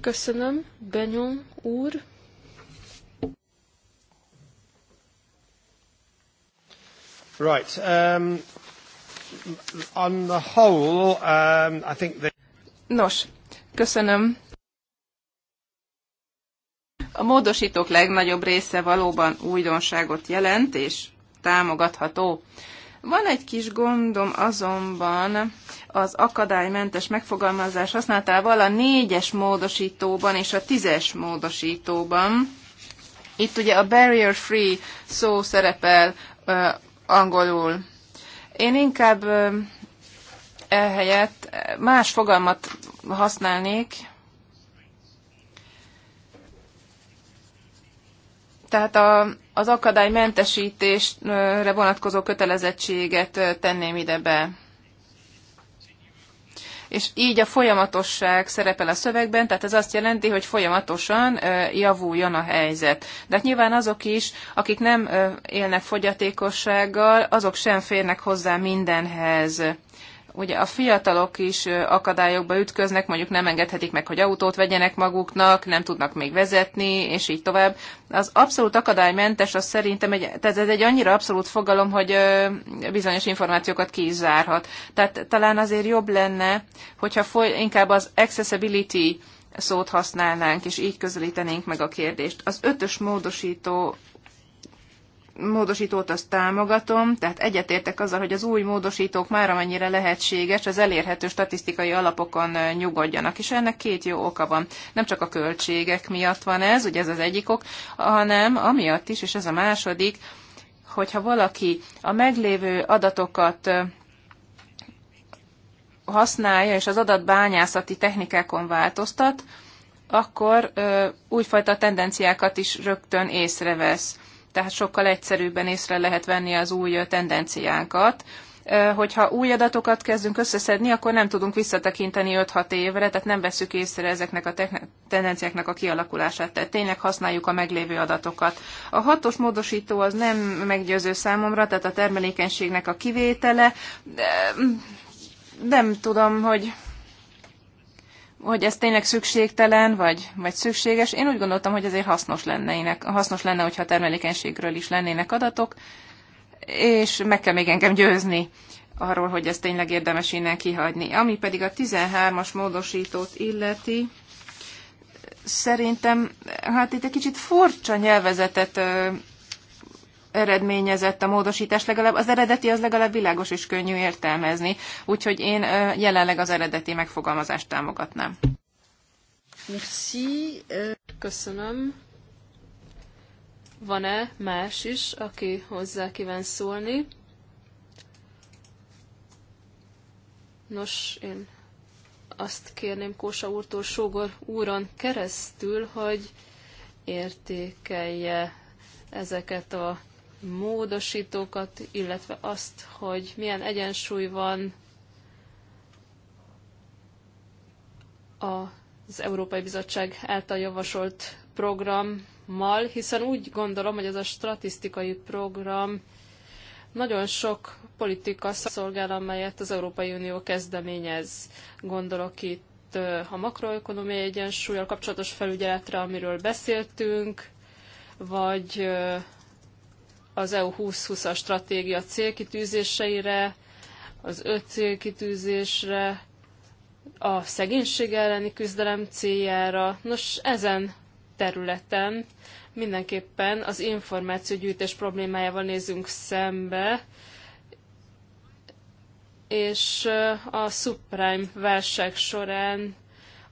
A: Köszönöm, Benyon úr.
C: Right. Um, on the whole, um, I think the... Nos, köszönöm. A módosítók legnagyobb része valóban újdonságot jelent, és támogatható. Van egy kis gondom azonban az akadálymentes megfogalmazás használatával a négyes módosítóban és a tízes módosítóban. Itt ugye a barrier free szó szerepel angolul. Én inkább ehelyett más fogalmat használnék, tehát a, az akadálymentesítésre vonatkozó kötelezettséget tenném ide be és így a folyamatosság szerepel a szövegben, tehát ez azt jelenti, hogy folyamatosan javuljon a helyzet. De hát nyilván azok is, akik nem élnek fogyatékossággal, azok sem férnek hozzá mindenhez ugye a fiatalok is akadályokba ütköznek, mondjuk nem engedhetik meg, hogy autót vegyenek maguknak, nem tudnak még vezetni, és így tovább. Az abszolút akadálymentes az szerintem egy, tehát ez egy annyira abszolút fogalom, hogy bizonyos információkat ki is zárhat. Tehát talán azért jobb lenne, hogyha foly, inkább az accessibility szót használnánk, és így közelítenénk meg a kérdést. Az ötös módosító módosítót azt támogatom, tehát egyetértek azzal, hogy az új módosítók már amennyire lehetséges, az elérhető statisztikai alapokon nyugodjanak, és ennek két jó oka van. Nem csak a költségek miatt van ez, ugye ez az egyik ok, hanem amiatt is, és ez a második, hogyha valaki a meglévő adatokat használja, és az adatbányászati technikákon változtat, akkor ö, újfajta tendenciákat is rögtön észrevesz tehát sokkal egyszerűbben észre lehet venni az új tendenciákat. Hogyha új adatokat kezdünk összeszedni, akkor nem tudunk visszatekinteni 5-6 évre, tehát nem veszük észre ezeknek a tendenciáknak a kialakulását, tehát tényleg használjuk a meglévő adatokat. A hatos módosító az nem meggyőző számomra, tehát a termelékenységnek a kivétele. De nem tudom, hogy hogy ez tényleg szükségtelen, vagy, vagy szükséges. Én úgy gondoltam, hogy ezért hasznos lenne, hasznos lenne, hogyha a termelékenységről is lennének adatok, és meg kell még engem győzni arról, hogy ez tényleg érdemes innen kihagyni. Ami pedig a 13-as módosítót illeti, szerintem, hát itt egy kicsit furcsa nyelvezetet eredményezett a módosítás, legalább az eredeti az legalább világos és könnyű értelmezni, úgyhogy én jelenleg az eredeti megfogalmazást támogatnám.
A: Merci. Köszönöm. Van-e más is, aki hozzá kíván szólni? Nos, én azt kérném Kósa úrtól Sógor úron keresztül, hogy értékelje ezeket a módosítókat, illetve azt, hogy milyen egyensúly van az Európai Bizottság által javasolt programmal, hiszen úgy gondolom, hogy ez a statisztikai program nagyon sok politika szolgál, amelyet az Európai Unió kezdeményez. Gondolok itt a makroökonomiai egyensúlyal kapcsolatos felügyeletre, amiről beszéltünk, vagy az EU 2020-as stratégia célkitűzéseire, az öt célkitűzésre, a szegénység elleni küzdelem céljára. Nos, ezen területen mindenképpen az információgyűjtés problémájával nézünk szembe, és a subprime válság során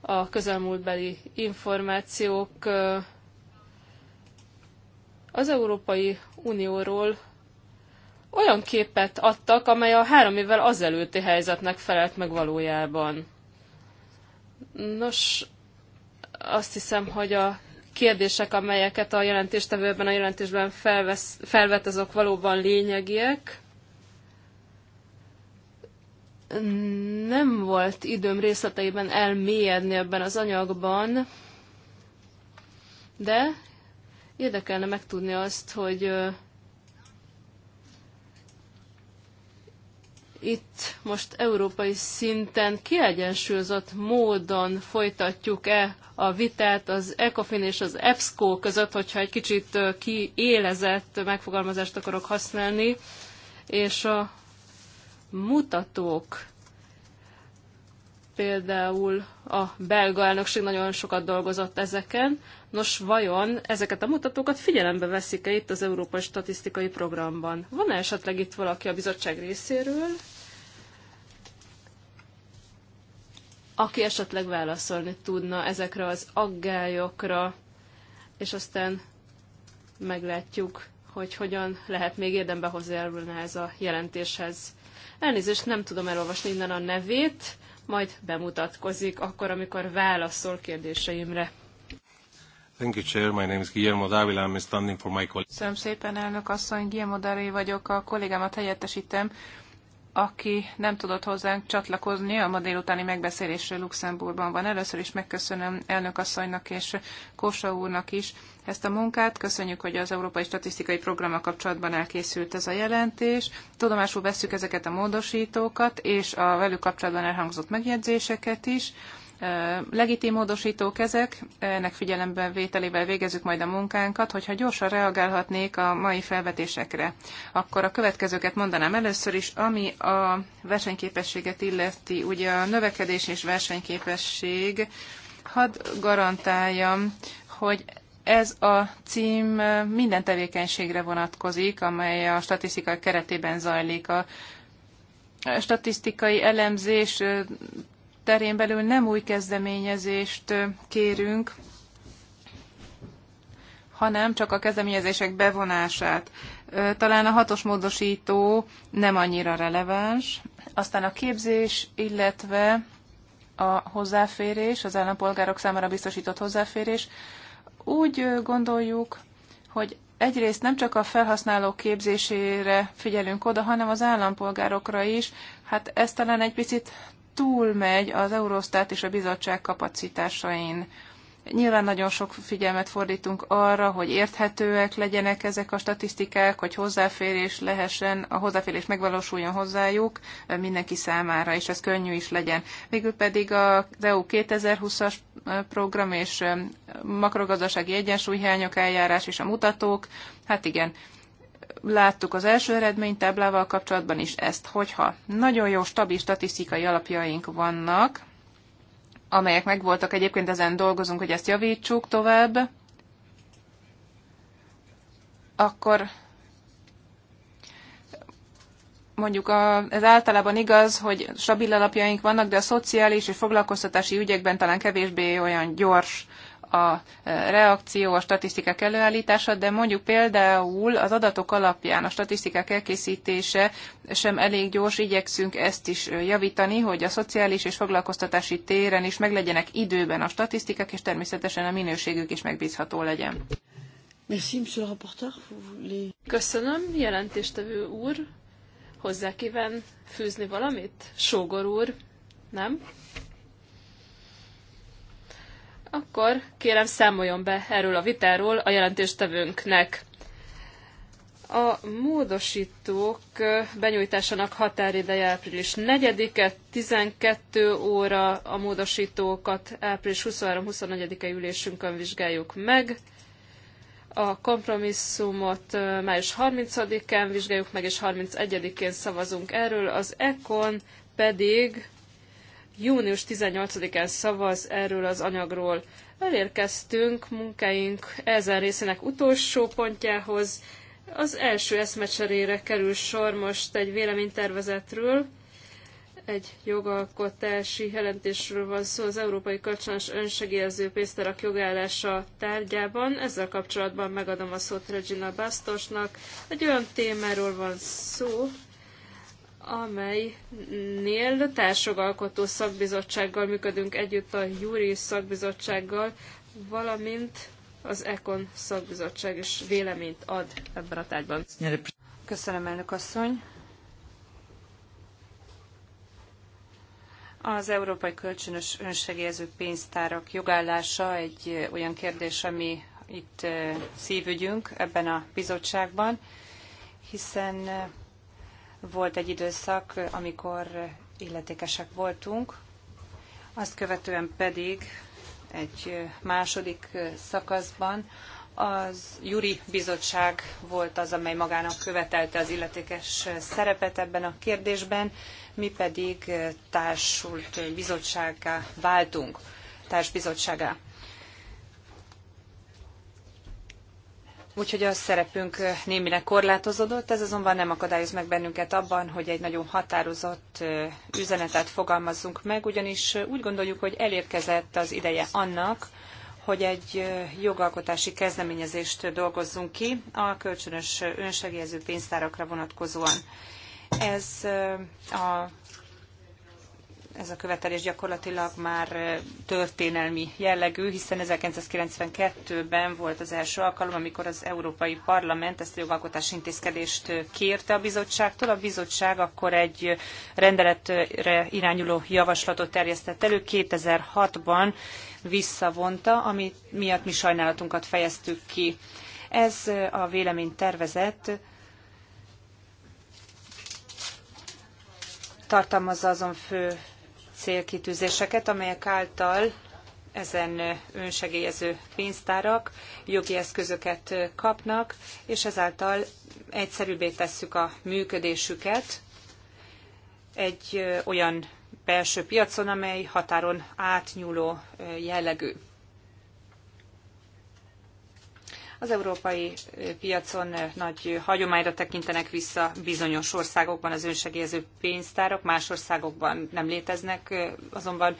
A: a közelmúltbeli információk az Európai Unióról olyan képet adtak, amely a három évvel azelőtti helyzetnek felelt meg valójában. Nos, azt hiszem, hogy a kérdések, amelyeket a jelentéstevőben a jelentésben felvesz, felvet, azok valóban lényegiek. Nem volt időm részleteiben elmélyedni ebben az anyagban, de Érdekelne megtudni azt, hogy itt most európai szinten kiegyensúlyozott módon folytatjuk-e a vitát az ECOFIN és az EBSCO között, hogyha egy kicsit kiélezett megfogalmazást akarok használni, és a mutatók például a belga elnökség nagyon sokat dolgozott ezeken, Nos, vajon ezeket a mutatókat figyelembe veszik-e itt az Európai Statisztikai Programban? van -e esetleg itt valaki a bizottság részéről, aki esetleg válaszolni tudna ezekre az aggályokra, és aztán meglátjuk, hogy hogyan lehet még érdembe hozzájárulni ez a jelentéshez. Elnézést, nem tudom elolvasni innen a nevét, majd bemutatkozik akkor, amikor válaszol kérdéseimre.
D: Thank you, Chair. My name is Guillermo I'm standing for my colleague.
C: Köszönöm szépen, elnök asszony. Guillermo Dávila vagyok. A kollégámat helyettesítem, aki nem tudott hozzánk csatlakozni a ma délutáni megbeszélésről Luxemburgban van. Először is megköszönöm elnök asszonynak és Kósa úrnak is ezt a munkát. Köszönjük, hogy az Európai Statisztikai Programmal kapcsolatban elkészült ez a jelentés. Tudomásul vesszük ezeket a módosítókat és a velük kapcsolatban elhangzott megjegyzéseket is. Legitim módosítók ezek, ennek figyelemben vételével végezzük majd a munkánkat, hogyha gyorsan reagálhatnék a mai felvetésekre. Akkor a következőket mondanám először is, ami a versenyképességet illeti, ugye a növekedés és versenyképesség, hadd garantáljam, hogy ez a cím minden tevékenységre vonatkozik, amely a statisztika keretében zajlik. A statisztikai elemzés terén belül nem új kezdeményezést kérünk, hanem csak a kezdeményezések bevonását. Talán a hatos módosító nem annyira releváns. Aztán a képzés, illetve a hozzáférés, az állampolgárok számára biztosított hozzáférés. Úgy gondoljuk, hogy egyrészt nem csak a felhasználók képzésére figyelünk oda, hanem az állampolgárokra is. Hát ez talán egy picit túlmegy az Eurostat és a bizottság kapacitásain. Nyilván nagyon sok figyelmet fordítunk arra, hogy érthetőek legyenek ezek a statisztikák, hogy hozzáférés lehessen, a hozzáférés megvalósuljon hozzájuk eh, mindenki számára, és ez könnyű is legyen. Végül pedig az EU 2020-as eh, program és eh, makrogazdasági egyensúlyhiányok eljárás és a mutatók, hát igen, láttuk az első eredménytáblával kapcsolatban is ezt, hogyha nagyon jó, stabil statisztikai alapjaink vannak, amelyek megvoltak, egyébként ezen dolgozunk, hogy ezt javítsuk tovább, akkor mondjuk a, ez általában igaz, hogy stabil alapjaink vannak, de a szociális és foglalkoztatási ügyekben talán kevésbé olyan gyors a reakció, a statisztikák előállítása, de mondjuk például az adatok alapján a statisztikák elkészítése sem elég gyors, igyekszünk ezt is javítani, hogy a szociális és foglalkoztatási téren is meglegyenek időben a statisztikák, és természetesen a minőségük is megbízható legyen. Merci, monsieur le rapporteur.
A: Köszönöm, jelentéstevő úr. Hozzá kíván fűzni valamit? Sógor úr, nem? akkor kérem számoljon be erről a vitáról a jelentéstevőnknek. A módosítók benyújtásának határideje április 4-e, 12 óra a módosítókat április 23-24-e ülésünkön vizsgáljuk meg. A kompromisszumot május 30-án vizsgáljuk meg, és 31-én szavazunk erről. Az ECON pedig június 18-án szavaz erről az anyagról. Elérkeztünk munkáink ezen részének utolsó pontjához. Az első eszmecserére kerül sor most egy véleménytervezetről, egy jogalkotási jelentésről van szó az Európai Kölcsönös Önsegélyező Pénztárak jogállása tárgyában. Ezzel kapcsolatban megadom a szót Regina Bastosnak. Egy olyan témáról van szó, amelynél társogalkotó szakbizottsággal működünk együtt a Júri szakbizottsággal, valamint az Ekon szakbizottság is véleményt ad ebben a tárgyban.
B: Köszönöm, elnök asszony. Az Európai Kölcsönös Önsegélyező Pénztárak jogállása egy olyan kérdés, ami itt eh, szívügyünk ebben a bizottságban, hiszen eh, volt egy időszak, amikor illetékesek voltunk, azt követően pedig egy második szakaszban az Juri Bizottság volt az, amely magának követelte az illetékes szerepet ebben a kérdésben, mi pedig társult bizottságá váltunk, társbizottságá. úgyhogy a szerepünk némileg korlátozódott, ez azonban nem akadályoz meg bennünket abban, hogy egy nagyon határozott üzenetet fogalmazzunk meg, ugyanis úgy gondoljuk, hogy elérkezett az ideje annak, hogy egy jogalkotási kezdeményezést dolgozzunk ki a kölcsönös önsegélyező pénztárakra vonatkozóan. Ez a ez a követelés gyakorlatilag már történelmi jellegű, hiszen 1992-ben volt az első alkalom, amikor az Európai Parlament ezt a jogalkotási intézkedést kérte a bizottságtól. A bizottság akkor egy rendeletre irányuló javaslatot terjesztett elő 2006-ban visszavonta, ami miatt mi sajnálatunkat fejeztük ki. Ez a véleménytervezet tartalmazza azon fő célkitűzéseket, amelyek által ezen önsegélyező pénztárak jogi eszközöket kapnak, és ezáltal egyszerűbbé tesszük a működésüket egy olyan belső piacon, amely határon átnyúló jellegű. Az európai piacon nagy hagyományra tekintenek vissza bizonyos országokban az önsegélyező pénztárak, más országokban nem léteznek, azonban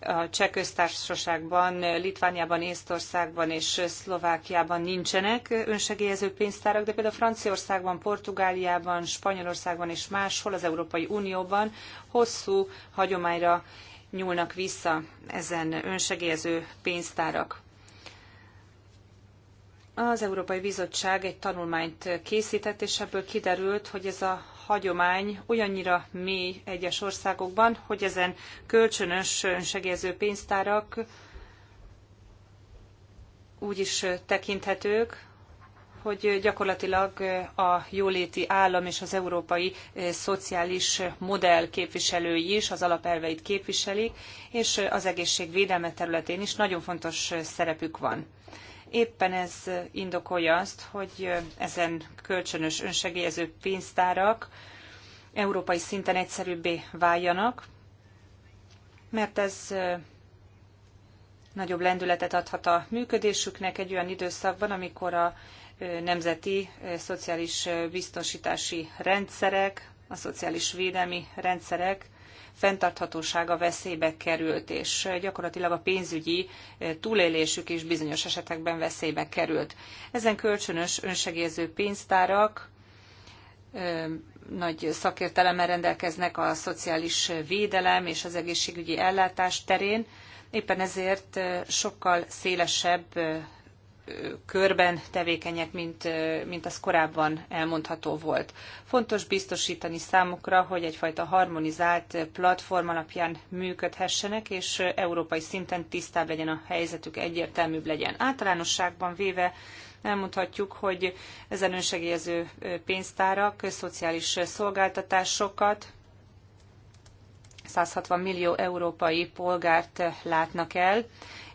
B: a Cseh köztársaságban, Litvániában, Észtországban és Szlovákiában nincsenek önsegélyező pénztárak, de például Franciaországban, Portugáliában, Spanyolországban és máshol az Európai Unióban hosszú hagyományra nyúlnak vissza ezen önsegélyező pénztárak. Az Európai Bizottság egy tanulmányt készített, és ebből kiderült, hogy ez a hagyomány olyannyira mély egyes országokban, hogy ezen kölcsönös önsegélyező pénztárak úgy is tekinthetők, hogy gyakorlatilag a jóléti állam és az európai eh, szociális modell képviselői is az alapelveit képviselik, és az egészségvédelme területén is nagyon fontos eh, szerepük van. Éppen ez indokolja azt, hogy ezen kölcsönös önsegélyező pénztárak európai szinten egyszerűbbé váljanak, mert ez nagyobb lendületet adhat a működésüknek egy olyan időszakban, amikor a nemzeti szociális biztosítási rendszerek, a szociális védelmi rendszerek fenntarthatósága veszélybe került, és gyakorlatilag a pénzügyi eh, túlélésük is bizonyos esetekben veszélybe került. Ezen kölcsönös önsegélyező pénztárak eh, nagy szakértelemmel rendelkeznek a szociális védelem és az egészségügyi ellátás terén, éppen ezért eh, sokkal szélesebb körben tevékenyek, mint, mint az korábban elmondható volt. Fontos biztosítani számukra, hogy egyfajta harmonizált platform alapján működhessenek, és európai szinten tisztább legyen a helyzetük, egyértelműbb legyen. Általánosságban véve elmondhatjuk, hogy ezen önsegélyező pénztárak, szociális szolgáltatásokat, 160 millió európai polgárt látnak el,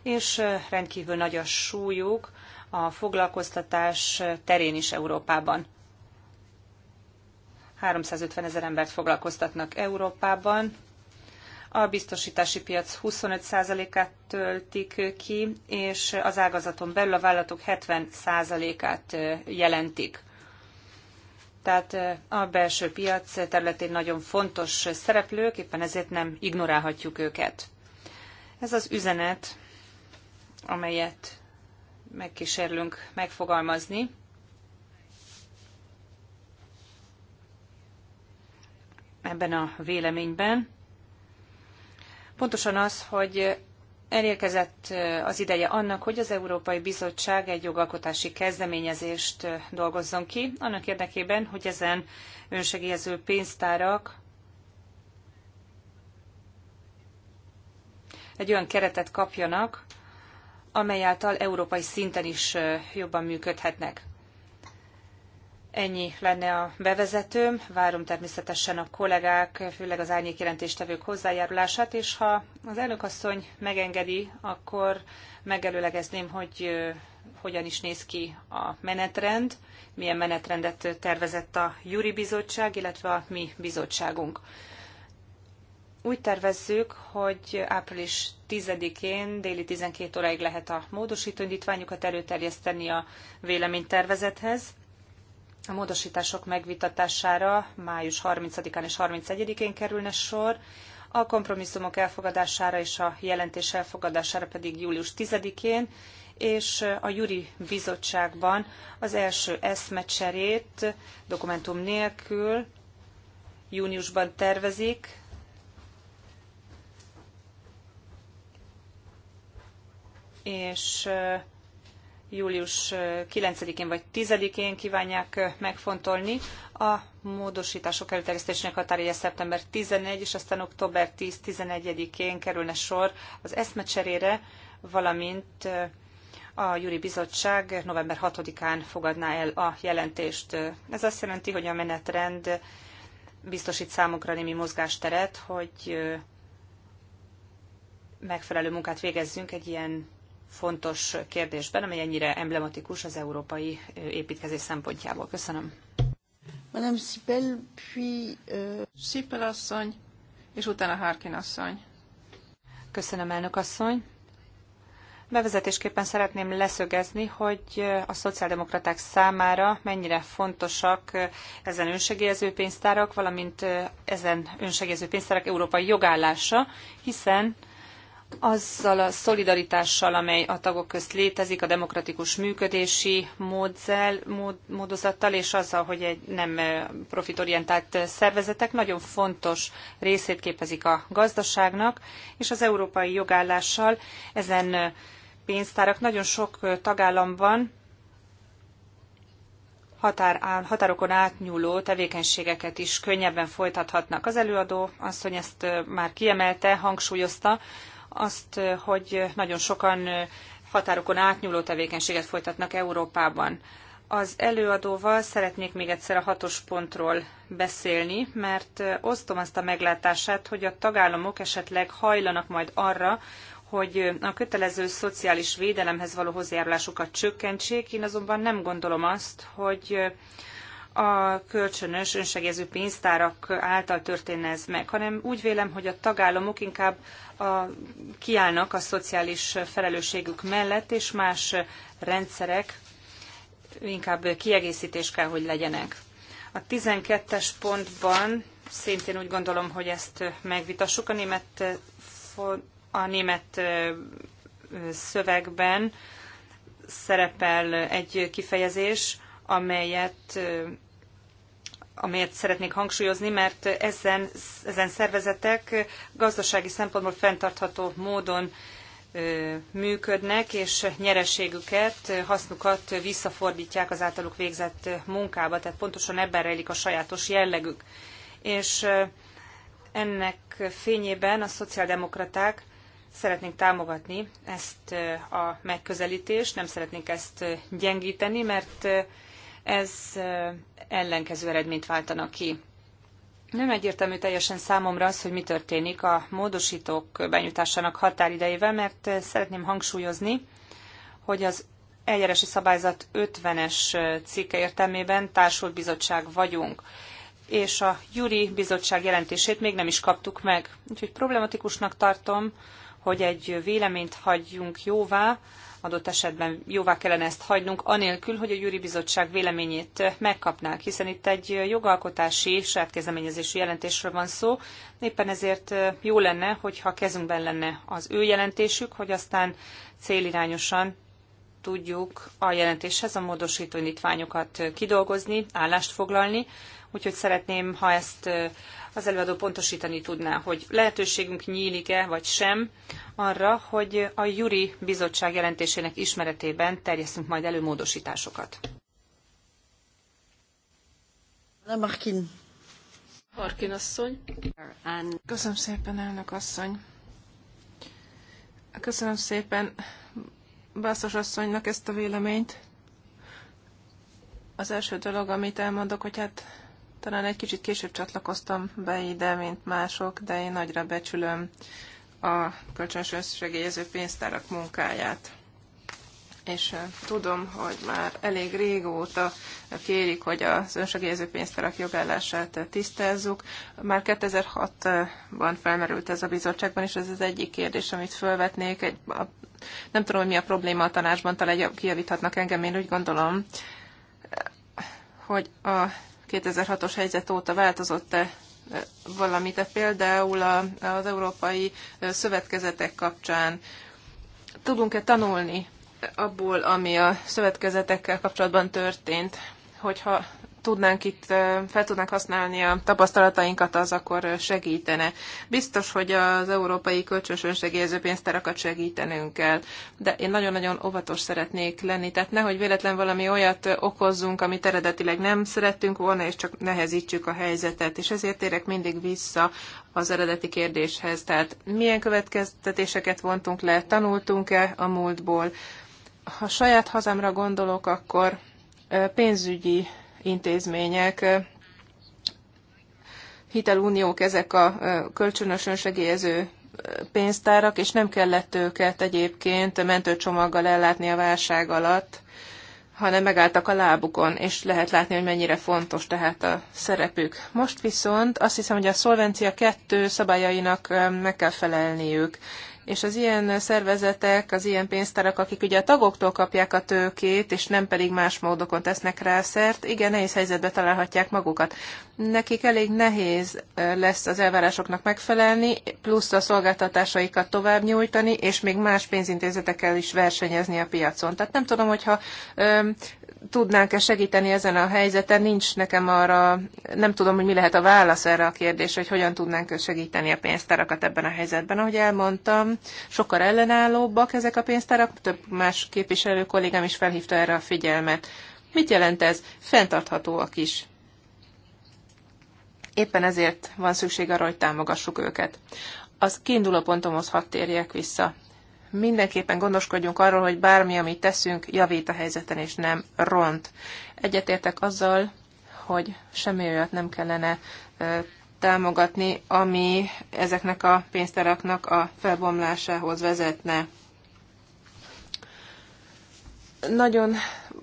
B: és rendkívül nagy a súlyuk, a foglalkoztatás terén is Európában. 350 ezer embert foglalkoztatnak Európában, a biztosítási piac 25%-át töltik ki, és az ágazaton belül a vállalatok 70%-át jelentik. Tehát a belső piac területén nagyon fontos szereplők, éppen ezért nem ignorálhatjuk őket. Ez az üzenet, amelyet megkísérlünk megfogalmazni. ebben a véleményben. Pontosan az, hogy elérkezett az ideje annak, hogy az Európai Bizottság egy jogalkotási kezdeményezést dolgozzon ki, annak érdekében, hogy ezen önsegélyező pénztárak egy olyan keretet kapjanak, amely által európai szinten is jobban működhetnek. Ennyi lenne a bevezetőm. Várom természetesen a kollégák, főleg az árnyék jelentéstevők hozzájárulását, és ha az elnökasszony megengedi, akkor megelőlegezném, hogy hogyan is néz ki a menetrend, milyen menetrendet tervezett a Júri Bizottság, illetve a mi bizottságunk. Úgy tervezzük, hogy április 10-én déli 12 óráig lehet a módosító indítványokat előterjeszteni a véleménytervezethez. A módosítások megvitatására május 30-án és 31-én kerülne sor, a kompromisszumok elfogadására és a jelentés elfogadására pedig július 10-én, és a Juri Bizottságban az első eszmecserét dokumentum nélkül júniusban tervezik, és július 9-én vagy 10-én kívánják megfontolni. A módosítások előterjesztésének határideje szeptember 11, és aztán október 10-11-én kerülne sor az eszmecserére, valamint a Júri Bizottság november 6-án fogadná el a jelentést. Ez azt jelenti, hogy a menetrend biztosít számunkra némi mozgásteret, hogy megfelelő munkát végezzünk egy ilyen fontos kérdésben, amely ennyire emblematikus az európai építkezés szempontjából. Köszönöm. Madame Sipel, puis... Euh, Sipel asszony, és utána Harkin asszony. Köszönöm, elnök asszony. Bevezetésképpen szeretném leszögezni, hogy a szociáldemokraták számára mennyire fontosak ezen önsegélyező pénztárak, valamint ezen önsegélyező pénztárak európai jogállása, hiszen azzal a szolidaritással, amely a tagok közt létezik, a demokratikus működési módzel, mód, módozattal, és azzal, hogy egy nem profitorientált szervezetek nagyon fontos részét képezik a gazdaságnak, és az európai jogállással ezen pénztárak nagyon sok tagállamban határ, határokon átnyúló tevékenységeket is könnyebben folytathatnak. Az előadó asszony ezt már kiemelte, hangsúlyozta, azt, hogy nagyon sokan határokon átnyúló tevékenységet folytatnak Európában. Az előadóval szeretnék még egyszer a hatos pontról beszélni, mert osztom azt a meglátását, hogy a tagállamok esetleg hajlanak majd arra, hogy a kötelező szociális védelemhez való hozzájárulásukat csökkentsék. Én azonban nem gondolom azt, hogy a kölcsönös önsegező pénztárak által történne ez meg, hanem úgy vélem, hogy a tagállamok inkább a, kiállnak a szociális felelősségük mellett, és más rendszerek inkább kiegészítés kell, hogy legyenek. A 12-es pontban szintén úgy gondolom, hogy ezt megvitassuk. A német, a német szövegben szerepel egy kifejezés, amelyet amelyet szeretnék hangsúlyozni, mert ezen, ezen szervezetek gazdasági szempontból fenntartható módon működnek, és nyereségüket, hasznukat visszafordítják az általuk végzett munkába, tehát pontosan ebben rejlik a sajátos jellegük. És ennek fényében a szociáldemokraták szeretnénk támogatni ezt a megközelítést, nem szeretnénk ezt gyengíteni, mert ez ellenkező eredményt váltana ki. Nem egyértelmű teljesen számomra az, hogy mi történik a módosítók benyújtásának határidejével, mert szeretném hangsúlyozni, hogy az eljárási szabályzat 50-es cikke értelmében társult bizottság vagyunk, és a Juri bizottság jelentését még nem is kaptuk meg. Úgyhogy problematikusnak tartom, hogy egy véleményt hagyjunk jóvá, adott esetben jóvá kellene ezt hagynunk, anélkül, hogy a Júri Bizottság véleményét megkapnánk, hiszen itt egy jogalkotási kezdeményezésű jelentésről van szó, éppen ezért jó lenne, hogyha kezünkben lenne az ő jelentésük, hogy aztán célirányosan tudjuk a jelentéshez a módosító indítványokat kidolgozni, állást foglalni, úgyhogy szeretném, ha ezt az előadó pontosítani tudná, hogy lehetőségünk nyílik-e vagy sem arra, hogy a Juri Bizottság jelentésének ismeretében terjesztünk majd elő módosításokat.
C: Markin. Harkin asszony. Köszönöm szépen, elnök asszony. Köszönöm szépen Bászos asszonynak ezt a véleményt. Az első dolog, amit elmondok, hogy hát talán egy kicsit később csatlakoztam be ide, mint mások, de én nagyra becsülöm a kölcsönös összsegélyező pénztárak munkáját és tudom, hogy már elég régóta kérik, hogy az önsegélyező pénztárak jogállását tisztázzuk. Már 2006-ban felmerült ez a bizottságban, és ez az egyik kérdés, amit felvetnék. Egy, a, nem tudom, hogy mi a probléma a tanácsban, talán kijavíthatnak engem, én úgy gondolom, hogy a 2006-os helyzet óta változott-e eh, valamit, -e például az európai eh, szövetkezetek kapcsán. Tudunk-e tanulni abból, ami a szövetkezetekkel kapcsolatban történt, hogyha tudnánk itt, fel tudnánk használni a tapasztalatainkat, az akkor segítene. Biztos, hogy az európai kölcsönös önsegélyező pénztárakat segítenünk kell, de én nagyon-nagyon óvatos szeretnék lenni, tehát nehogy véletlen valami olyat okozzunk, amit eredetileg nem szerettünk volna, és csak nehezítsük a helyzetet, és ezért érek mindig vissza az eredeti kérdéshez, tehát milyen következtetéseket vontunk le, tanultunk-e a múltból, ha saját hazámra gondolok, akkor pénzügyi intézmények, hiteluniók ezek a kölcsönösen segélyező pénztárak, és nem kellett őket egyébként mentőcsomaggal ellátni a válság alatt, hanem megálltak a lábukon, és lehet látni, hogy mennyire fontos tehát a szerepük. Most viszont azt hiszem, hogy a szolvencia kettő szabályainak meg kell felelniük és az ilyen szervezetek, az ilyen pénztárak, akik ugye a tagoktól kapják a tőkét, és nem pedig más módokon tesznek rá szert, igen, nehéz helyzetbe találhatják magukat. Nekik elég nehéz lesz az elvárásoknak megfelelni, plusz a szolgáltatásaikat tovább nyújtani, és még más pénzintézetekkel is versenyezni a piacon. Tehát nem tudom, hogyha tudnánk-e segíteni ezen a helyzeten? Nincs nekem arra, nem tudom, hogy mi lehet a válasz erre a kérdésre, hogy hogyan tudnánk segíteni a pénztárakat ebben a helyzetben. Ahogy elmondtam, sokkal ellenállóbbak ezek a pénztárak, több más képviselő kollégám is felhívta erre a figyelmet. Mit jelent ez? Fentarthatóak is. Éppen ezért van szükség arra, hogy támogassuk őket. Az kiinduló pontomhoz hadd térjek vissza mindenképpen gondoskodjunk arról, hogy bármi, amit teszünk, javít a helyzeten, és nem ront. Egyetértek azzal, hogy semmi olyat nem kellene támogatni, ami ezeknek a pénztáraknak a felbomlásához vezetne. Nagyon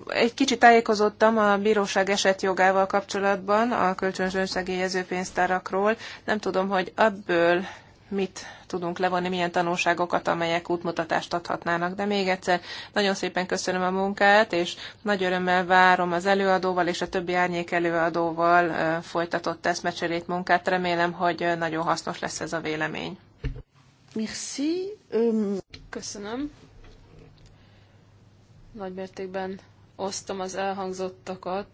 C: egy kicsit tájékozottam a bíróság esetjogával kapcsolatban, a kölcsönzőn segélyező pénztárakról. Nem tudom, hogy abból mit tudunk levonni, milyen tanulságokat, amelyek útmutatást adhatnának. De még egyszer nagyon szépen köszönöm a munkát, és nagy örömmel várom az előadóval és a többi árnyék előadóval folytatott eszmecserét munkát. Remélem, hogy nagyon hasznos lesz ez a vélemény.
A: Merci. Köszönöm. Nagymértékben osztom az elhangzottakat.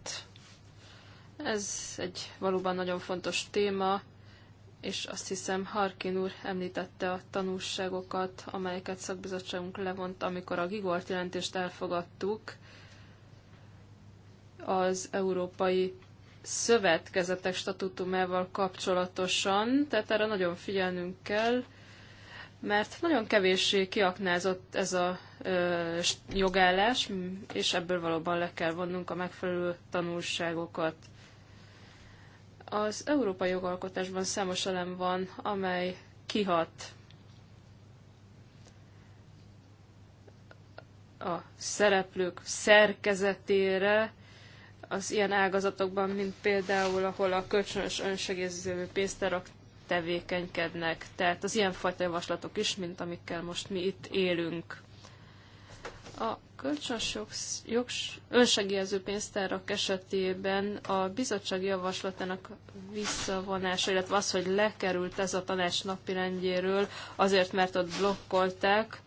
A: Ez egy valóban nagyon fontos téma és azt hiszem Harkin úr említette a tanulságokat, amelyeket szakbizottságunk levont, amikor a Gigolt jelentést elfogadtuk az Európai Szövetkezetek statutumával kapcsolatosan, tehát erre nagyon figyelnünk kell, mert nagyon kevéssé kiaknázott ez a ö, jogállás, és ebből valóban le kell vonnunk a megfelelő tanulságokat. Az európai jogalkotásban számos elem van, amely kihat a szereplők szerkezetére, az ilyen ágazatokban, mint például, ahol a kölcsönös önsegélyző pénztárak tevékenykednek. Tehát az ilyenfajta javaslatok is, mint amikkel most mi itt élünk. A kölcsönös jogsz, jogs, önsegélyező pénztárak esetében a bizottság javaslatának visszavonása, illetve az, hogy lekerült ez a tanács napirendjéről, azért, mert ott blokkolták.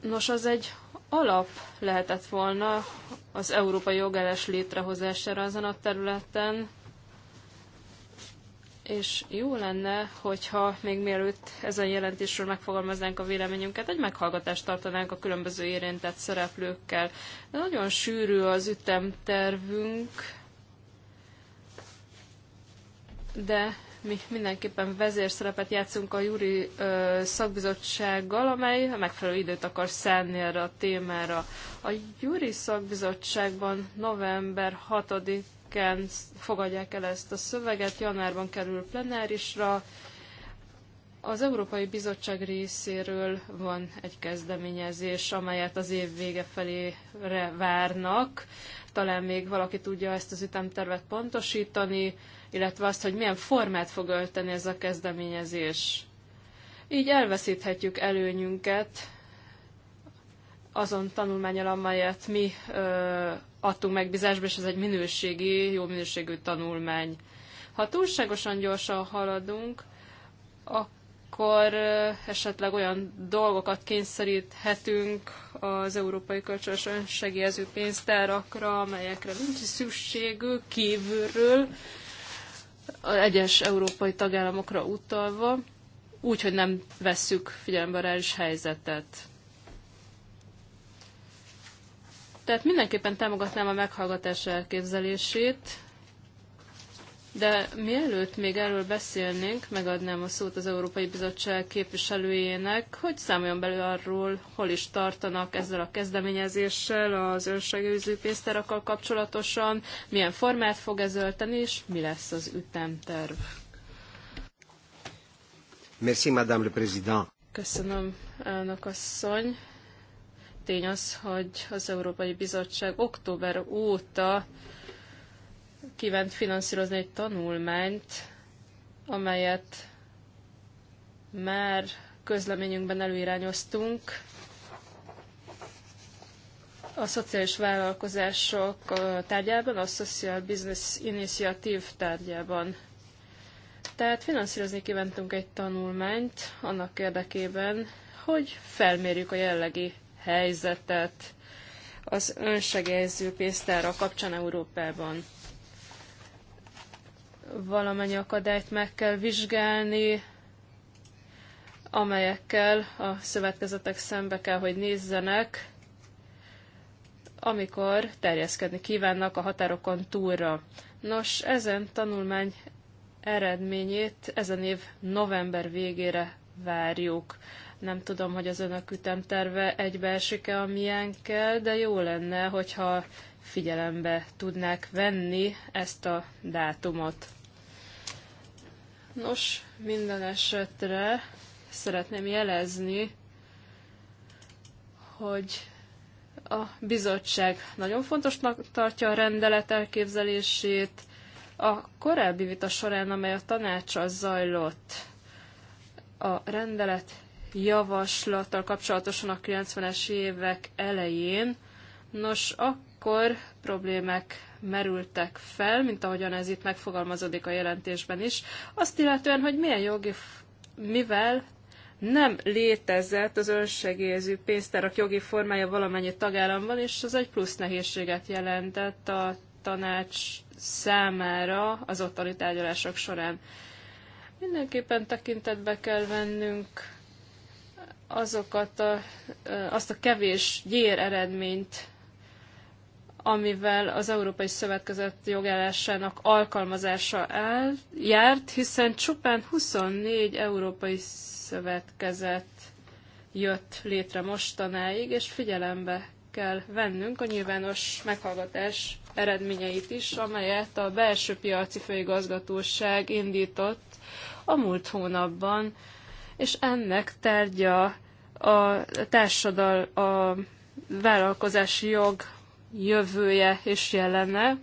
A: Nos, az egy alap lehetett volna az európai jogállás létrehozására ezen a területen, és jó lenne, hogyha még mielőtt ezen jelentésről megfogalmaznánk a véleményünket, egy meghallgatást tartanánk a különböző érintett szereplőkkel. De nagyon sűrű az ütemtervünk, de mi mindenképpen vezérszerepet játszunk a Júri szakbizottsággal, amely megfelelő időt akar szánni erre a témára. A Júri szakbizottságban november 6 pénteken fogadják el ezt a szöveget, januárban kerül plenárisra. Az Európai Bizottság részéről van egy kezdeményezés, amelyet az év vége felére várnak. Talán még valaki tudja ezt az ütemtervet pontosítani, illetve azt, hogy milyen formát fog ölteni ez a kezdeményezés. Így elveszíthetjük előnyünket azon tanulmányal, amelyet mi ö, adtunk megbízásba, és ez egy minőségi, jó minőségű tanulmány. Ha túlságosan gyorsan haladunk, akkor esetleg olyan dolgokat kényszeríthetünk az Európai Kölcsönösen Segélyező Pénztárakra, amelyekre nincs szükségű kívülről, az egyes európai tagállamokra utalva, úgyhogy nem vesszük figyelembe a helyzetet. Tehát mindenképpen támogatnám a meghallgatás elképzelését, de mielőtt még erről beszélnénk, megadnám a szót az Európai Bizottság képviselőjének, hogy számoljon belül arról, hol is tartanak ezzel a kezdeményezéssel, az őrségőző pénztárakkal kapcsolatosan, milyen formát fog ez ölteni, és mi lesz az ütemterv.
D: Merci, Madame le Président.
A: Köszönöm, elnök asszony tény az, hogy az Európai Bizottság október óta kívánt finanszírozni egy tanulmányt, amelyet már közleményünkben előirányoztunk. A szociális vállalkozások tárgyában, a Social Business Initiative tárgyában. Tehát finanszírozni kívántunk egy tanulmányt annak érdekében, hogy felmérjük a jellegi helyzetet az önsegélyző pénztára kapcsán Európában. Valamennyi akadályt meg kell vizsgálni, amelyekkel a szövetkezetek szembe kell, hogy nézzenek, amikor terjeszkedni kívánnak a határokon túlra. Nos, ezen tanulmány eredményét ezen év november végére várjuk. Nem tudom, hogy az önök ütemterve egybeesik-e a miénkkel, de jó lenne, hogyha figyelembe tudnák venni ezt a dátumot. Nos, minden esetre szeretném jelezni, hogy a bizottság nagyon fontosnak tartja a rendelet elképzelését. A korábbi vita során, amely a az zajlott, a rendelet javaslattal kapcsolatosan a 90-es évek elején. Nos, akkor problémák merültek fel, mint ahogyan ez itt megfogalmazódik a jelentésben is, azt illetően, hogy milyen jogi, mivel nem létezett az önsegélyező pénztárak jogi formája valamennyi tagállamban, és ez egy plusz nehézséget jelentett a tanács számára az ottani tárgyalások során. Mindenképpen tekintetbe kell vennünk azokat a, azt a kevés gyér eredményt, amivel az Európai Szövetkezet jogállásának alkalmazása áll, járt, hiszen csupán 24 Európai Szövetkezet jött létre mostanáig, és figyelembe kell vennünk a nyilvános meghallgatás eredményeit is, amelyet a belső piaci főigazgatóság indított a múlt hónapban és ennek tárgya a társadal, a vállalkozási jog jövője és jelene.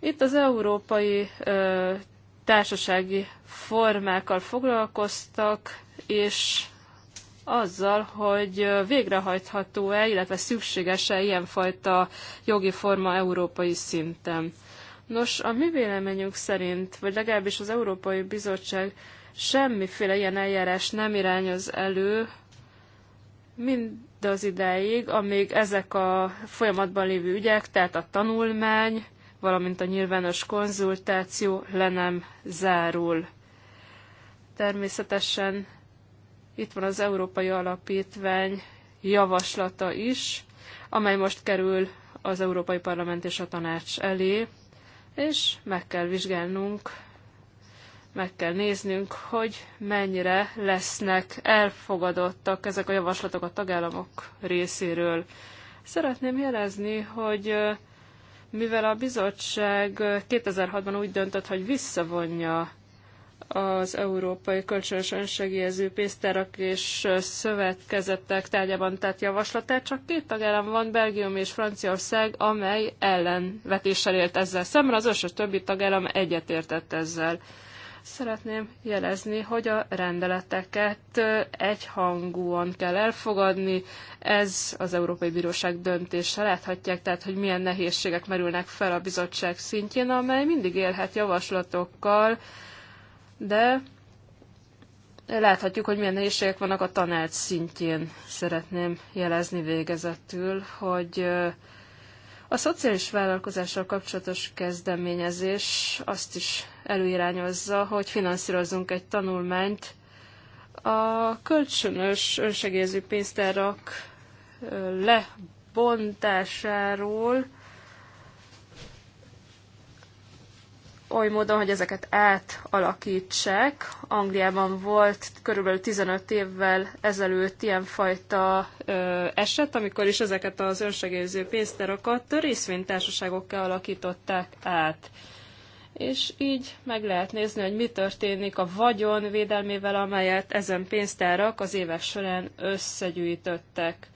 A: Itt az európai ö, társasági formákkal foglalkoztak, és azzal, hogy végrehajtható-e, illetve szükséges-e ilyenfajta jogi forma európai szinten. Nos, a mi véleményünk szerint, vagy legalábbis az Európai Bizottság Semmiféle ilyen eljárás nem irányoz elő mind az ideig, amíg ezek a folyamatban lévő ügyek, tehát a tanulmány, valamint a nyilvános konzultáció le nem zárul. Természetesen itt van az Európai Alapítvány javaslata is, amely most kerül az Európai Parlament és a Tanács elé, és meg kell vizsgálnunk meg kell néznünk, hogy mennyire lesznek elfogadottak ezek a javaslatok a tagállamok részéről. Szeretném jelezni, hogy mivel a bizottság 2006-ban úgy döntött, hogy visszavonja az Európai Kölcsönös Önsegélyező Pénztárak és Szövetkezettek tárgyában tett javaslatát. Csak két tagállam van, Belgium és Franciaország, amely ellenvetéssel élt ezzel szemben, az összes többi tagállam egyetértett ezzel. Szeretném jelezni, hogy a rendeleteket egyhangúan kell elfogadni. Ez az Európai Bíróság döntése. Láthatják tehát, hogy milyen nehézségek merülnek fel a bizottság szintjén, amely mindig élhet javaslatokkal, de láthatjuk, hogy milyen nehézségek vannak a tanács szintjén. Szeretném jelezni végezetül, hogy a szociális vállalkozással kapcsolatos kezdeményezés azt is előirányozza, hogy finanszírozunk egy tanulmányt a kölcsönös önsegélyező pénztárak lebontásáról, oly módon, hogy ezeket átalakítsák. Angliában volt körülbelül 15 évvel ezelőtt ilyenfajta ö, eset, amikor is ezeket az önsegélyző pénztárakat részvénytársaságokkal alakították át. És így meg lehet nézni, hogy mi történik a vagyon védelmével, amelyet ezen pénztárak az évek során összegyűjtöttek.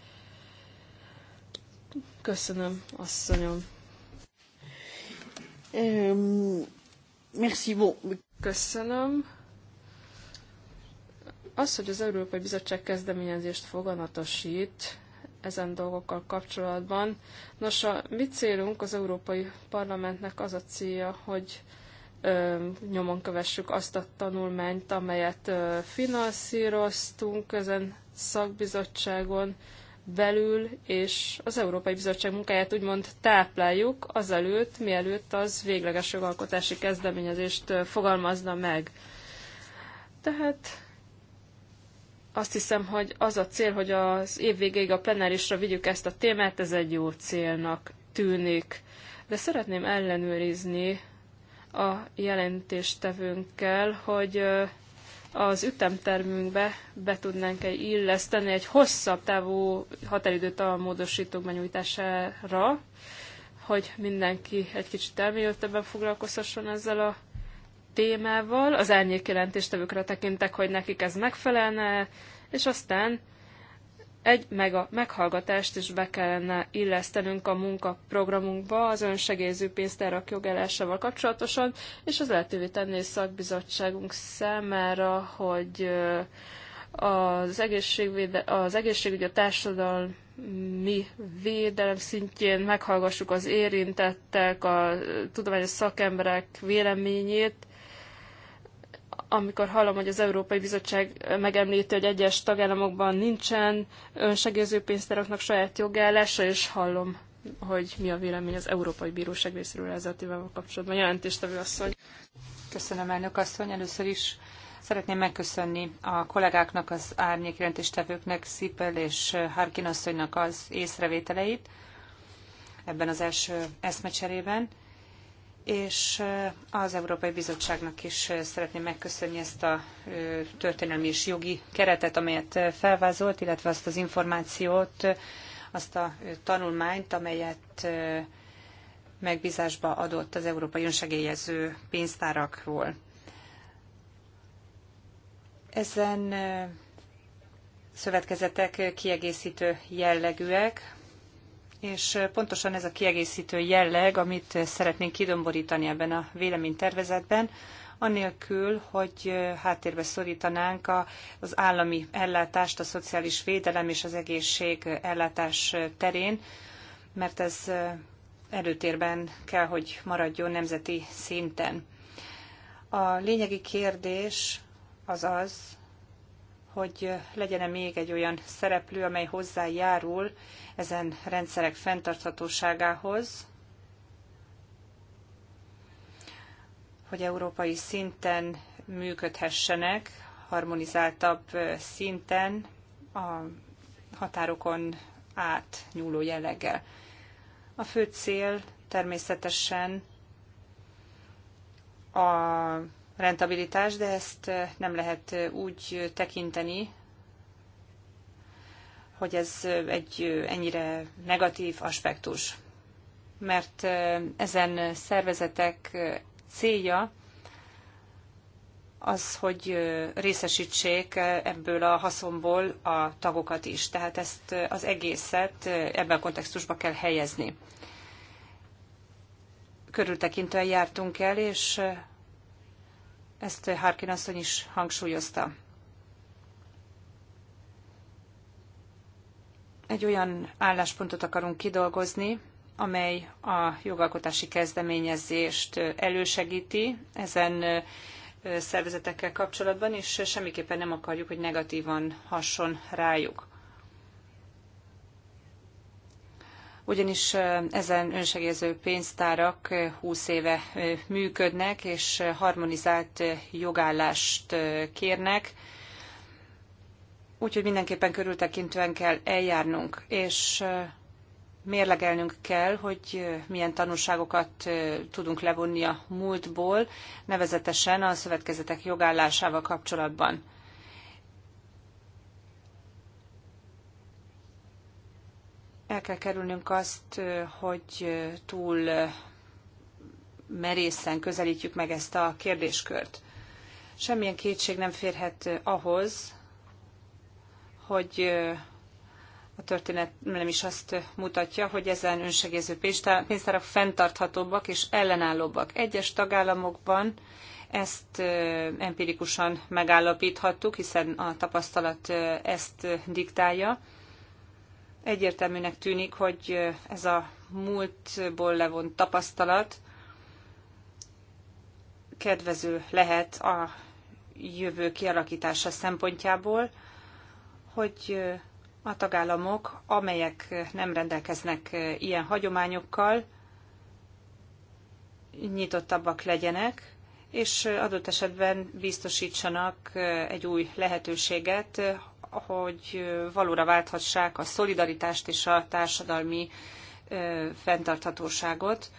A: Köszönöm, asszonyom. Um, Merci, bon. Köszönöm. Az, hogy az Európai Bizottság kezdeményezést foganatosít ezen dolgokkal kapcsolatban. Nos, a mi célunk az Európai Parlamentnek az a célja, hogy ö, nyomon kövessük azt a tanulmányt, amelyet ö, finanszíroztunk ezen szakbizottságon, belül, és az Európai Bizottság munkáját úgymond tápláljuk azelőtt, mielőtt az végleges jogalkotási kezdeményezést fogalmazna meg. Tehát azt hiszem, hogy az a cél, hogy az év végéig a plenárisra vigyük ezt a témát, ez egy jó célnak tűnik. De szeretném ellenőrizni a jelentéstevőnkkel, hogy az ütemtermünkbe be tudnánk -e illeszteni egy hosszabb távú határidőt a módosítók benyújtására, hogy mindenki egy kicsit elmélyültebben foglalkozhasson ezzel a témával. Az árnyék jelentéstevőkre tekintek, hogy nekik ez megfelelne, és aztán egy meg a meghallgatást is be kellene illesztenünk a munkaprogramunkba az önsegélyző pénztárak jogállásával kapcsolatosan, és az lehetővé tenni szakbizottságunk számára, hogy az, egészségvéde, az egészségügy a mi védelem szintjén meghallgassuk az érintettek, a tudományos szakemberek véleményét, amikor hallom, hogy az Európai Bizottság megemlíti, hogy egyes tagállamokban nincsen önsegélyző pénztáraknak saját jogállása, és hallom, hogy mi a vélemény az Európai Bíróság részéről ezzel a témával
B: kapcsolatban. Jelentéstevő asszony. Köszönöm, elnök asszony. Először is Szeretném megköszönni a kollégáknak, az árnyék jelentéstevőknek, Szipel és Harkin asszonynak az észrevételeit ebben az első eszmecserében és az Európai Bizottságnak is szeretném megköszönni ezt a történelmi és jogi keretet, amelyet felvázolt, illetve azt az információt, azt a tanulmányt, amelyet megbízásba adott az Európai Önsegélyező pénztárakról. Ezen szövetkezetek kiegészítő jellegűek, és pontosan ez a kiegészítő jelleg, amit szeretnénk kidomborítani ebben a véleménytervezetben, anélkül, hogy háttérbe szorítanánk az állami ellátást, a szociális védelem és az egészség ellátás terén, mert ez előtérben kell, hogy maradjon nemzeti szinten. A lényegi kérdés az az, hogy legyen -e még egy olyan szereplő, amely hozzájárul ezen rendszerek fenntarthatóságához, hogy európai szinten működhessenek, harmonizáltabb szinten a határokon átnyúló jelleggel. A fő cél természetesen a rentabilitás, de ezt nem lehet úgy tekinteni, hogy ez egy ennyire negatív aspektus. Mert ezen szervezetek célja az, hogy részesítsék ebből a haszonból a tagokat is. Tehát ezt az egészet ebben a kontextusba kell helyezni. Körültekintően jártunk el, és ezt Harkin asszony is hangsúlyozta. Egy olyan álláspontot akarunk kidolgozni, amely a jogalkotási kezdeményezést elősegíti ezen szervezetekkel kapcsolatban, és semmiképpen nem akarjuk, hogy negatívan hasson rájuk. ugyanis ezen önsegélyező pénztárak 20 éve működnek, és harmonizált jogállást kérnek, úgyhogy mindenképpen körültekintően kell eljárnunk, és mérlegelnünk kell, hogy milyen tanulságokat tudunk levonni a múltból, nevezetesen a szövetkezetek jogállásával kapcsolatban. El kell kerülnünk azt, hogy túl merészen közelítjük meg ezt a kérdéskört. Semmilyen kétség nem férhet ahhoz, hogy a történet nem is azt mutatja, hogy ezen önsegéző pénztárak fenntarthatóbbak és ellenállóbbak. Egyes tagállamokban ezt empirikusan megállapíthattuk, hiszen a tapasztalat ezt diktálja. Egyértelműnek tűnik, hogy ez a múltból levont tapasztalat kedvező lehet a jövő kialakítása szempontjából, hogy a tagállamok, amelyek nem rendelkeznek ilyen hagyományokkal, nyitottabbak legyenek, és adott esetben biztosítsanak egy új lehetőséget hogy valóra válthassák a szolidaritást és a társadalmi fenntarthatóságot,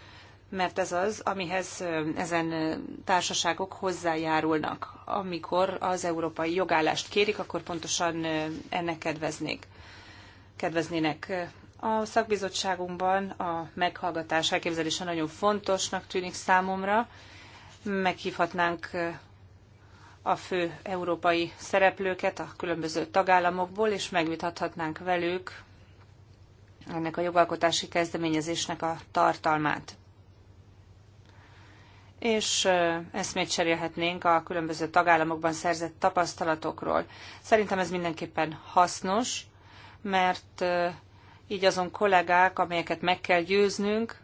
B: mert ez az, amihez ezen társaságok hozzájárulnak. Amikor az európai jogállást kérik, akkor pontosan ennek kedveznék. kedveznének. A szakbizottságunkban a meghallgatás elképzelése nagyon fontosnak tűnik számomra. Meghívhatnánk a fő európai szereplőket a különböző tagállamokból, és megvitathatnánk velük ennek a jogalkotási kezdeményezésnek a tartalmát. És eszmét cserélhetnénk a különböző tagállamokban szerzett tapasztalatokról. Szerintem ez mindenképpen hasznos, mert így azon kollégák, amelyeket meg kell győznünk,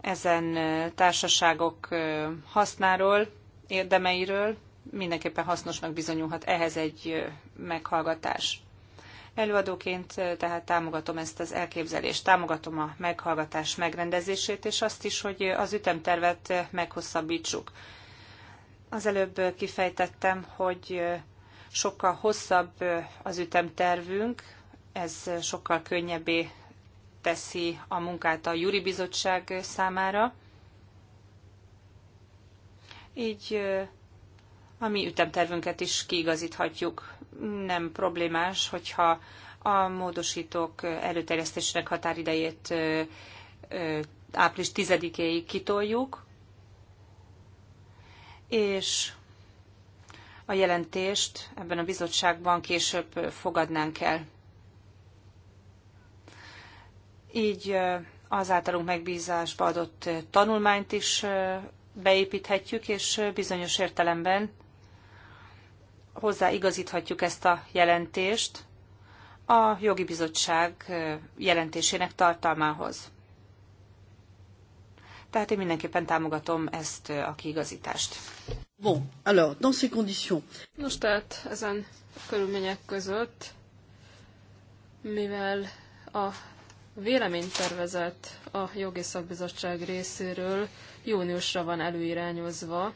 B: ezen társaságok hasznáról, érdemeiről mindenképpen hasznosnak bizonyulhat ehhez egy meghallgatás. Előadóként tehát támogatom ezt az elképzelést, támogatom a meghallgatás megrendezését, és azt is, hogy az ütemtervet meghosszabbítsuk. Az előbb kifejtettem, hogy sokkal hosszabb az ütemtervünk, ez sokkal könnyebbé teszi a munkát a Juri Bizottság számára, így a mi ütemtervünket is kiigazíthatjuk. Nem problémás, hogyha a módosítók előterjesztésének határidejét április 10-éig kitoljuk, és a jelentést ebben a bizottságban később fogadnánk el. Így az általunk megbízásba adott tanulmányt is beépíthetjük, és bizonyos értelemben hozzáigazíthatjuk ezt a jelentést a jogi bizottság jelentésének tartalmához. Tehát én mindenképpen támogatom ezt a kiigazítást. Bon, alors, dans ces conditions.
A: Nos, tehát ezen körülmények között, mivel a véleménytervezet a jogi szakbizottság részéről júniusra van előirányozva.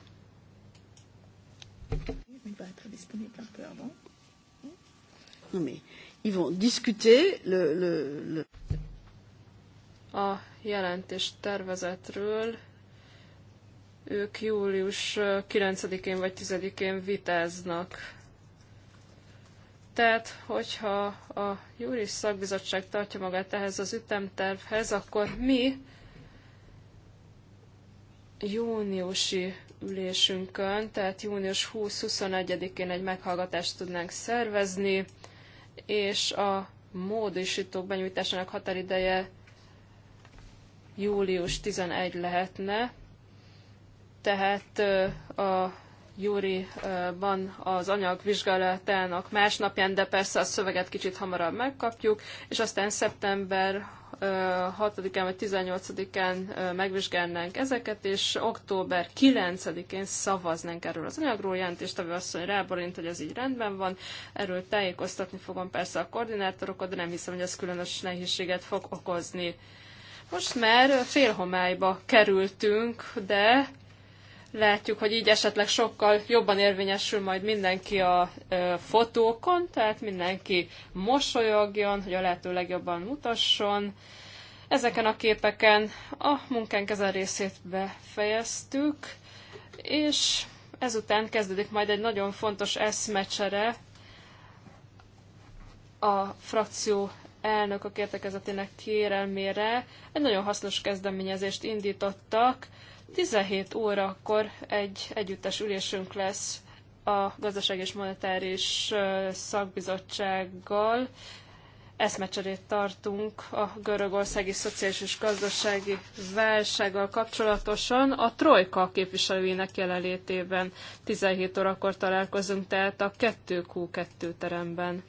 A: A jelentés tervezetről ők július 9-én vagy 10-én vitáznak. Tehát, hogyha a július szakbizottság tartja magát ehhez az ütemtervhez, akkor mi júniusi ülésünkön, tehát június 20-21-én egy meghallgatást tudnánk szervezni, és a módosítók benyújtásának határideje július 11 lehetne, tehát a Júriban az anyag vizsgálatának másnapján, de persze a szöveget kicsit hamarabb megkapjuk, és aztán szeptember 6-án vagy 18-án megvizsgálnánk ezeket, és október 9-én szavaznánk erről az anyagról. Jelentéstevő asszony ráborint, hogy ez így rendben van. Erről tájékoztatni fogom persze a koordinátorokat, de nem hiszem, hogy ez különös nehézséget fog okozni. Most már félhomályba kerültünk, de Látjuk, hogy így esetleg sokkal jobban érvényesül majd mindenki a fotókon, tehát mindenki mosolyogjon, hogy a lehető legjobban mutasson. Ezeken a képeken a munkánk ezen részét befejeztük, és ezután kezdődik majd egy nagyon fontos eszmecsere a frakció elnökök értekezetének kérelmére. Egy nagyon hasznos kezdeményezést indítottak, 17 órakor egy együttes ülésünk lesz a Gazdaság és Monetáris Szakbizottsággal. Eszmecserét tartunk a görögországi szociális és gazdasági válsággal kapcsolatosan a Trojka képviselőinek jelenlétében. 17 órakor találkozunk tehát a 2Q2 teremben.